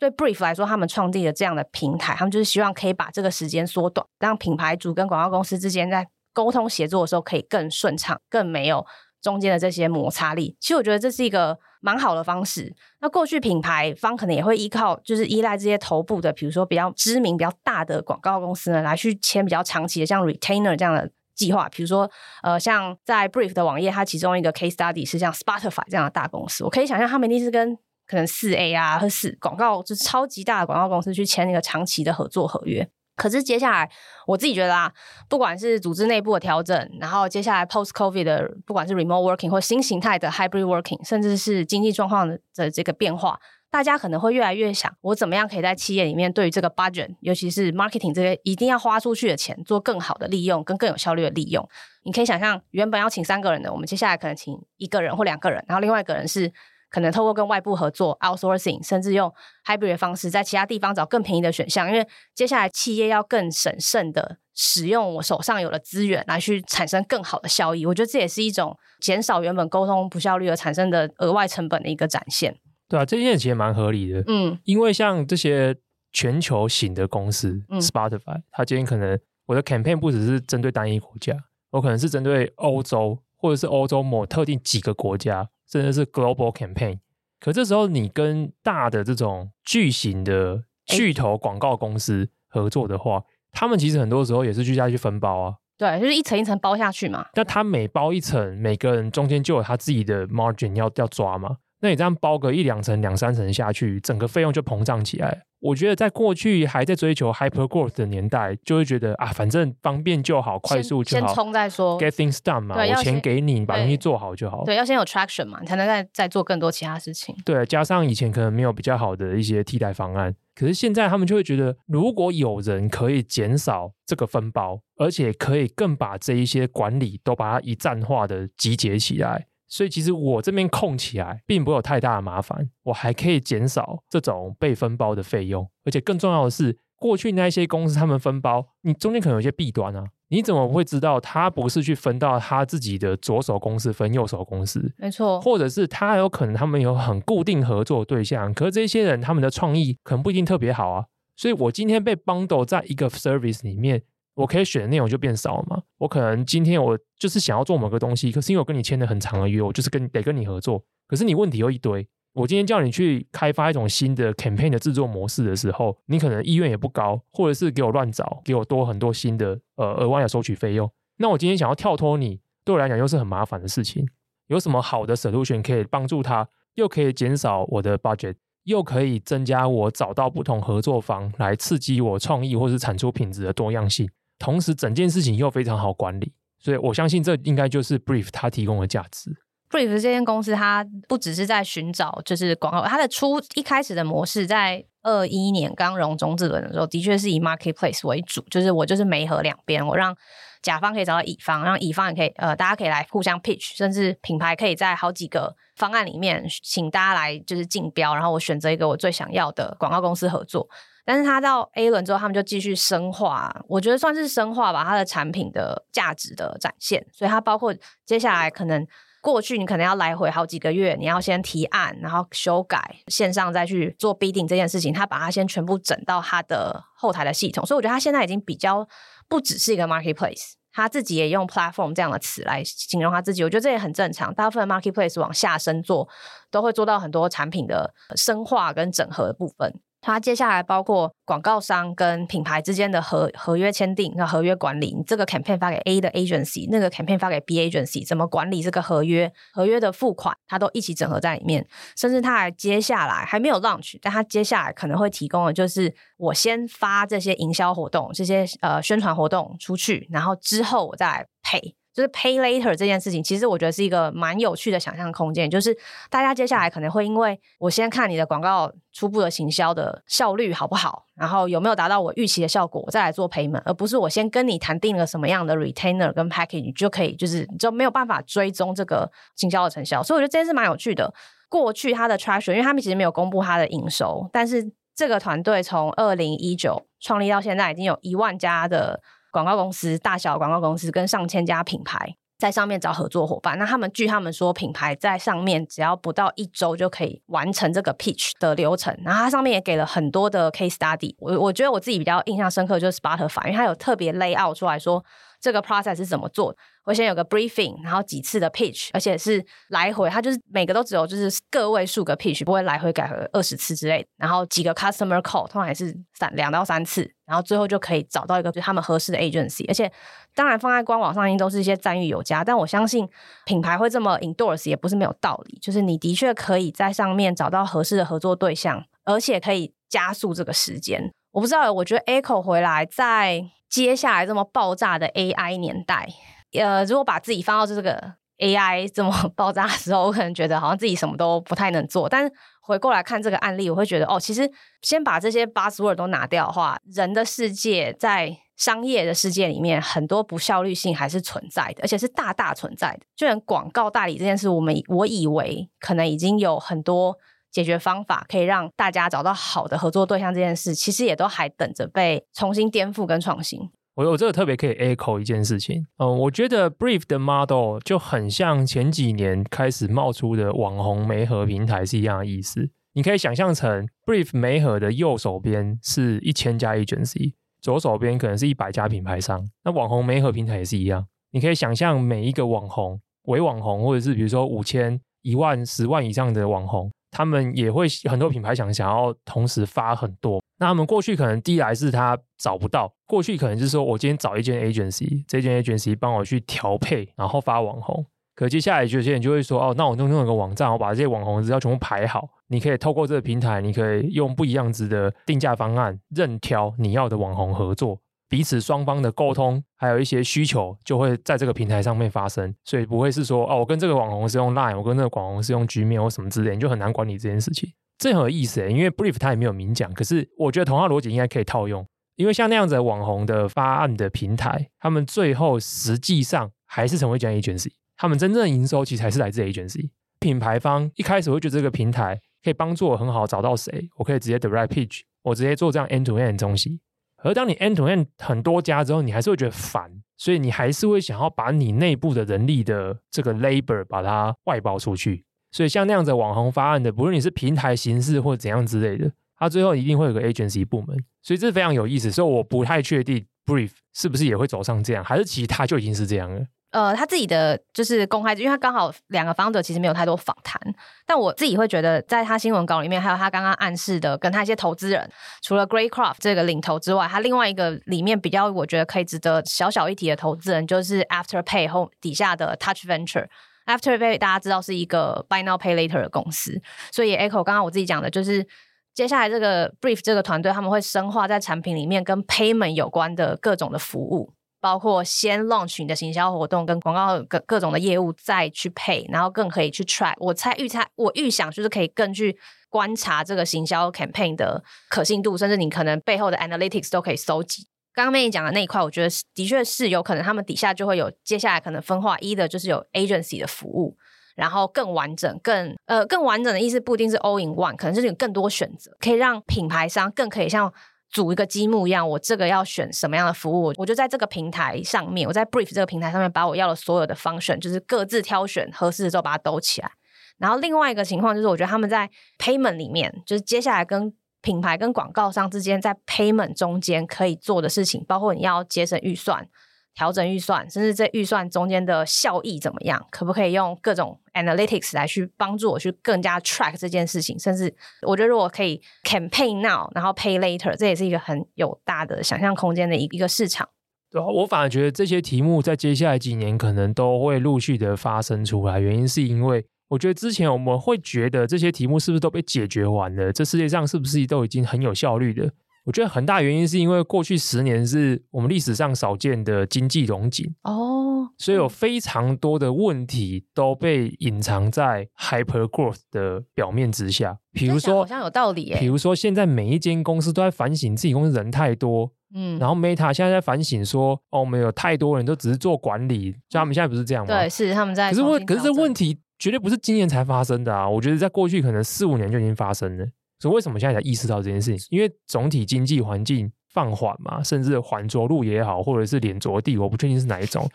對 Breef 來說，他們創立了這樣的平台，他們就是希望可以把這個時間縮短，讓品牌主跟廣告公司之間在溝通協作的時候可以更順暢，更沒有中間的這些摩擦力。其實我覺得這是一個蠻好的方式。那過去品牌方可能也會依靠，就是依賴這些頭部的，比如說比較知名、比較大的廣告公司呢，來去簽比較長期的，像 retainer 這樣的計劃。比如說，呃，像在 Breef 的網頁，它其中一個 case study 是像 Spotify 這樣的大公司，我可以想象他們一定是跟。可能四 A 啊，或四廣告就是超級大的廣告公司去簽那個長期的合作合約。可是接下來，我自己覺得啊，不管是組織內部的調整，然後接下來 Post COVID 的，不管是 Remote Working 或新形態的 Hybrid Working，甚至是經濟狀況的這個變化，大家可能會越來越想，我怎麼樣可以在企業裡面對於這個 Budget，尤其是 Marketing 這些一定要花出去的錢，做更好的利用跟更有效率的利用。你可以想象，原本要請三個人的，我們接下來可能請一個人或兩個人，然後另外一個人是。可能透過跟外部合作 outsourcing，甚至用 hybrid 的方式，在其他地方找更便宜的選項，因為接下來企業要更審慎的使用我手上有的資源來去產生更好的效益。我覺得這也是一種減少原本溝通不效率而產生的額外成本的一個展現。對啊，這件事其實蠻合理的。嗯，因為像這些全球型的公司，嗯，Spotify 它今天可能我的 campaign 不只是針對單一國家，我可能是針對歐洲，或者是歐洲某特定幾個國家。真的是 global campaign，可這時候你跟大的這種巨型的巨頭廣告公司合作的話，欸，他們其實很多時候也是居下去分包啊。對，就是一層一層包下去嘛。那他每包一層，每個人中間就有他自己的 margin 要要抓嘛。那你這樣包個一兩層、兩三層下去，整個費用就膨脹起來。我覺得在過去還在追求 hyper growth 的年代，就會覺得啊，反正方便就好，快速就好。先衝再說，get things done 嘛，我錢給你，把東西做好就好對。對，要先有 traction 嘛，你才能再再做更多其他事情。對，加上以前可能沒有比較好的一些替代方案，可是現在他們就會覺得，如果有人可以減少這個分包，而且可以更把這一些管理都把它一站化的集結起來。所以其實我這邊控起來，並沒有太大的麻煩。我還可以減少這種被分包的費用，而且更重要的是，過去那些公司他們分包，你中間可能有一些弊端啊。你怎麼會知道他不是去分到他自己的左手公司分右手公司？沒錯，或者是他有可能他們有很固定合作的對象，可是這些人他們的創意可能不一定特別好啊。所以我今天被 bundle 在一個 service 裡面。我可以選的內容就變少了嘛？我可能今天我就是想要做某個東西，可是因為我跟你簽了很長的約，我就是跟得跟你合作，可是你問題又一堆。我今天叫你去開發一種新的 campaign 的制作模式的時候，你可能意願也不高，或者是給我亂找，給我多很多新的呃額外的收取費用。那我今天想要跳脫你，對我來講又是很麻煩的事情。有什麼好的 solution 可以幫助他，又可以減少我的 budget，又可以增加我找到不同合作方來刺激我創意或是產出品質的多樣性？同時，整件事情又非常好管理，所以我相信這應該就是 Breef 它提供的價值。Breef 這間公司，它不只是在尋找就是廣告，它的初一開始的模式，在二一年剛融種子輪的時候，的確是以 marketplace 為主，就是我就是媒合兩邊，我讓甲方可以找到乙方，讓乙方也可以呃，大家可以來互相 pitch，甚至品牌可以在好幾個方案裡面，請大家來就是競標，然後我選擇一個我最想要的廣告公司合作。但是他到 A 輪之後，他們就繼續深化，我覺得算是深化吧，它的產品的價值的展現。所以它包括接下來可能過去，你可能要來回好幾個月，你要先提案，然後修改，線上再去做 bidding 這件事情。他把它先全部整到他的後台的系統，所以我覺得他現在已經比較不只是一個 marketplace，他自己也用 platform 這樣的詞來形容他自己。我覺得這也很正常，大部分的 marketplace 往下深做都會做到很多產品的深化跟整合的部分。它接下來包括廣告商跟品牌之間的合合約簽訂，那合約管理，你這個 campaign 發給 A 的 agency，那個 campaign 發給 B agency，怎麼管理這個合約，合約的付款，它都一起整合在裡面。甚至它還接下來還沒有 launch，但它接下來可能會提供的就是，我先發這些營銷活動、這些呃宣傳活動出去，然後之後我再來配。就是 pay later 這件事情，其實我覺得是一個蠻有趣的想象空間。就是大家接下來可能會因為我先看你的廣告，初步的行銷的效率好不好，然後有沒有達到我預期的效果，我再來做 payment，而不是我先跟你談定了什麼樣的 retainer 跟 package，你就可以，就是你就沒有辦法追蹤這個行銷的成效。所以我覺得這件事蠻有趣的。過去他的 trash，因為他們其實沒有公布他的營收，但是這個團隊從二零一九創立到現在，已經有一萬家的。廣告公司、大小廣告公司跟上千家品牌在上面找合作夥伴。那他們，據他們說，品牌在上面只要不到一周就可以完成這個 pitch 的流程。然後它上面也給了很多的 case study。我我覺得我自己比較印象深刻就是 Spotify，因為它有特別 layout 出來說這個 process 是怎麼做。我先有個 briefing，然後幾次的 pitch，而且是來回，它就是每個都只有就是個位數個 pitch，不會來回改回二十次之類。然後幾個 customer call，通常也是三兩到三次，然後最後就可以找到一個對他們合適的 agency。而且當然放在官網上應該都是一些讚譽有加，但我相信品牌會這麼 endorse 也不是沒有道理，就是你的確可以在上面找到合適的合作對象，而且可以加速這個時間。我不知道，我覺得 echo 回來在接下來這麼爆炸的 AI 年代。呃，如果把自己放到這個 AI 這麼爆炸的時候，我可能覺得好像自己什麼都不太能做。但回過來看這個案例，我會覺得哦，其實先把這些 buzzword 都拿掉的話，人的世界在商業的世界裡面，很多不效率性還是存在的，而且是大大存在的。就連廣告代理這件事，我們我以為可能已經有很多解決方法可以讓大家找到好的合作對象，這件事其實也都還等着被重新顛覆跟創新。我有這個特別可以 echo 一件事情，嗯，我覺得 Breef 的 model 就很像前幾年開始冒出的網紅媒合平台是一樣的意思。你可以想象成 Breef 媒合的右手邊是一千家 agency，左手邊可能是一百家品牌商。那網紅媒合平台也是一樣，你可以想象每一個網紅，微網紅，或者是比如說五千、一萬、十萬以上的網紅。他們也會很多品牌想想要同時發很多，那他們過去可能第一來是他找不到，過去可能就是說我今天找一間 agency，這間 agency 幫我去調配，然後發網紅。可接下來有些人就會說，哦，那我弄弄一個網站，我把這些網紅資料全部排好，你可以透過這個平台，你可以用不一樣子的定價方案，任挑你要的網紅合作。彼此雙方的溝通，還有一些需求，就會在這個平台上面發生，所以不會是說哦、啊，我跟這個網紅是用 Line，我跟那個網紅是用 Gmail，我什麼之類，你就很難管理這件事情。這很有意思誒，因為 Breef 它也沒有明講，可是我覺得同樣邏輯應該可以套用，因為像那樣子的網紅的發案的平台，他們最後實際上還是成為一家 agency，他們真正的營收其實還是來自 agency。品牌方一開始會覺得這個平台可以幫助我很好找到誰，我可以直接 Direct、right、Pitch，我直接做這樣 End to End 的東西。而當你 end to end 很多家之後，你還是會覺得煩，所以你還是會想要把你內部的人力的這個 labor 把它外包出去。所以像那樣子的網紅發案的，不論你是平台形式或者怎樣之類的，它最後一定會有個 agency 部門。所以這非常有意思，所以我不太確定。Breef, 是不是也會走上這樣，還是其他就已經是這樣了？呃，他自己的就是公開，因為他剛好兩個 founder 其實沒有太多訪談，但我自己會覺得，在他新聞稿裡面，還有他剛剛暗示的，跟他一些投資人，除了 Greycroft 這個領頭之外，他另外一個裡面比較，我覺得可以值得小小一提的投資人，就是 Afterpay 後底下的 Touch Venture。Afterpay 大家知道是一個 Buy Now Pay Later 的公司，所以也 Echo 剛剛我自己講的就是。接下來，這個 brief 這個團隊他們會深化在產品裡面跟 payment 有關的各種的服務，包括先 launch 你的行銷活動跟廣告各各種的業務，再去 pay，然後更可以去 track。我猜預猜，我預想就是可以更去觀察這個行銷 campaign 的可信度，甚至你可能背後的 analytics 都可以搜集。剛剛 May 講的那一塊，我覺得的確是有可能，他們底下就會有接下來可能分化一的，就是有 agency 的服務。然後更完整，更呃更完整的意思不一定是 all in one，可能就是有更多選擇，可以讓品牌商更可以像組一個積木一樣，我這個要選什麼樣的服務，我就在這個平台上面，我在 Breef 這個平台上面把我要的所有的 function，就是各自挑選合適的之後把它兜起來。然後另外一個情況就是，我覺得他們在 payment 裡面，就是接下來跟品牌跟廣告商之間在 payment 中間可以做的事情，包括你要節省預算。調整預算，甚至在預算中間的效益怎麼樣，可不可以用各種 analytics 來去幫助我去更加 track 這件事情，甚至我覺得如果可以 campaign now，然後 pay later，這也是一個很有大的想象空間的一一個市場。對，我反而覺得這些題目在接下來幾年可能都會陸續的發生出來，原因是因為我覺得之前我們會覺得這些題目是不是都被解決完了，這世界上是不是都已經很有效率了？我覺得很大原因是因為過去十年是我們歷史上少見的經濟榮景哦，oh, 所以有非常多的問題都被隱藏在 hyper growth 的表面之下。比如說好像有道理，欸，比如說現在每一間公司都在反省自己公司人太多，嗯，然後 Meta 現在在反省說哦，我們有太多人都只是做管理，就他們現在不是這樣嗎？對，是他們在。可是問，可是這問題絕對不是今年才發生的啊！我覺得在過去可能四五年就已經發生了。所以，為什麼現在才意識到這件事情？因為總體經濟環境放緩嘛，甚至緩着陸也好，或者是臉着地，我不確定是哪一種。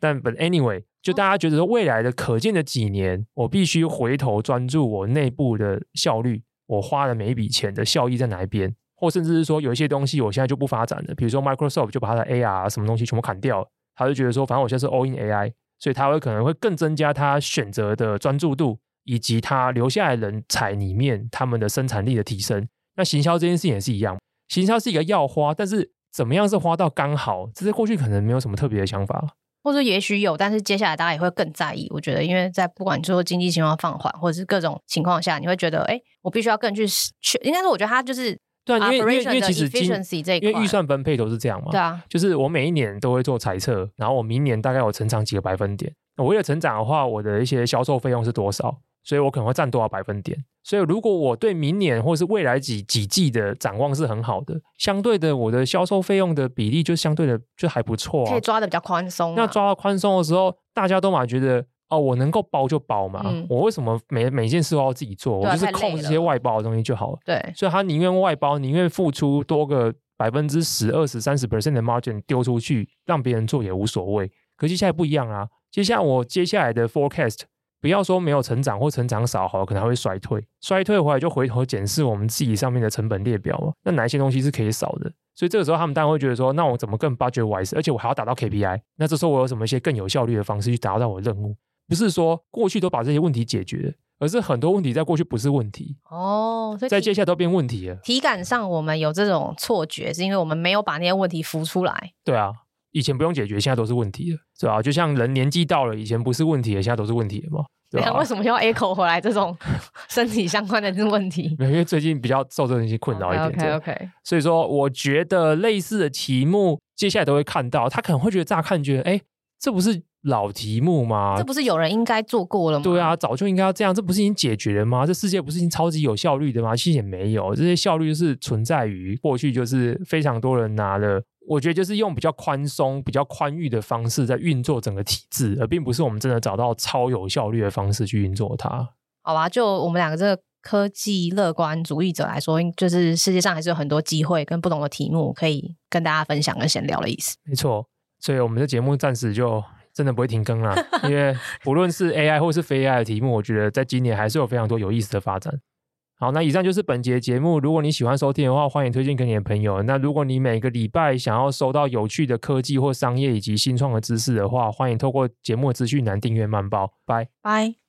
但，but anyway，就大家覺得說未來的可見的幾年，我必須回頭專注我內部的效率，我花了每一筆錢的效益在哪一邊，或甚至是說有一些東西我現在就不發展了。比如說 Microsoft 就把它的 AR、啊、什麼東西全部砍掉了，他就覺得說，反正我現在是 all in AI，所以他會可能會更增加他選擇的專注度。以及他留下來人才裡面，他們的生產力的提升。那行銷這件事情也是一樣，行銷是一個要花，但是怎麼樣是花到剛好，這是過去可能沒有什麼特別的想法或者也許有，但是接下來大家也會更在意。我覺得，因為在不管說經濟情況放緩、嗯，或者是各種情況下，你會覺得，哎、欸，我必須要更去去，應該是我覺得他就是對，因為因為其實因為預算分配都是這樣嘛，對啊，就是我每一年都會做財測，然後我明年大概有成長幾個百分點，我為了成長的話，我的一些銷售費用是多少？所以我可能會佔多少百分點？所以如果我對明年或是未來幾幾季的展望是很好的，相對的我的銷售費用的比例就相對的就還不錯，其、啊、可以抓得比較寬鬆。那抓到寬鬆的時候，大家都嘛覺得哦，我能夠包就包嘛。嗯、我為什麼每每件事都自己做，嗯？我就是控制些外包的東西就好了。對。所以他寧願外包，寧願付出多個百分之十、二十三十 percent 的 margin 丟出去，讓別人做也無所謂。可是現在不一樣啊。接下來我接下來的 forecast。不要說沒有成長或成長少好，可能還會衰退，衰退的話，就回頭檢視我們自己上面的成本列表嘛。那哪一些東西是可以少的？所以這個時候他們當然會覺得說，那我怎麼更 budget wise，而且我還要打到 KPI。那這時候我有什麼一些更有效率的方式去達到我的任務？不是說過去都把這些問題解決了，而是很多問題在過去不是問題哦，所以，在接下來都變問題了。體感上我們有這種錯覺，是因為我們沒有把那些問題浮出來。對啊。以前不用解決，現在都是問題了，是吧？就像人年紀到了，以前不是問題的，現在都是問題了嘛，對、哎、為什麼用 e c o 回來這種身體相關的這問題？ 因為最近比較受這些東西困擾一點，OK OK, okay.。所以說，我覺得類似的題目接下來都會看到，他可能會覺得乍看覺得，哎、欸。這不是老題目嗎？這不是有人應該做過了嗎？對啊，早就應該要這樣，這不是已經解決了嗎？這世界不是已經超級有效率的嗎？其實也沒有，這些效率就是存在於過去，就是非常多人拿了，我覺得就是用比較寬鬆、比較寬裕的方式在運作整個體制，而並不是我們真的找到超有效率的方式去運作它。好吧、啊，就我們兩個這個科技樂觀主義者來說，就是世界上還是有很多機會跟不同的題目可以跟大家分享跟閒聊的意思。沒錯。所以我們的節目暫時就真的不會停更了， 因為不論是 AI 或是非 AI 的題目，我覺得在今年還是有非常多有意思的發展。好，那以上就是本節節目。如果你喜歡收聽的話，歡迎推薦給你的朋友。那如果你每個禮拜想要收到有趣的科技或商業以及新創的知識的話，歡迎透過節目的資訊欄訂閱曼報。拜拜。Bye.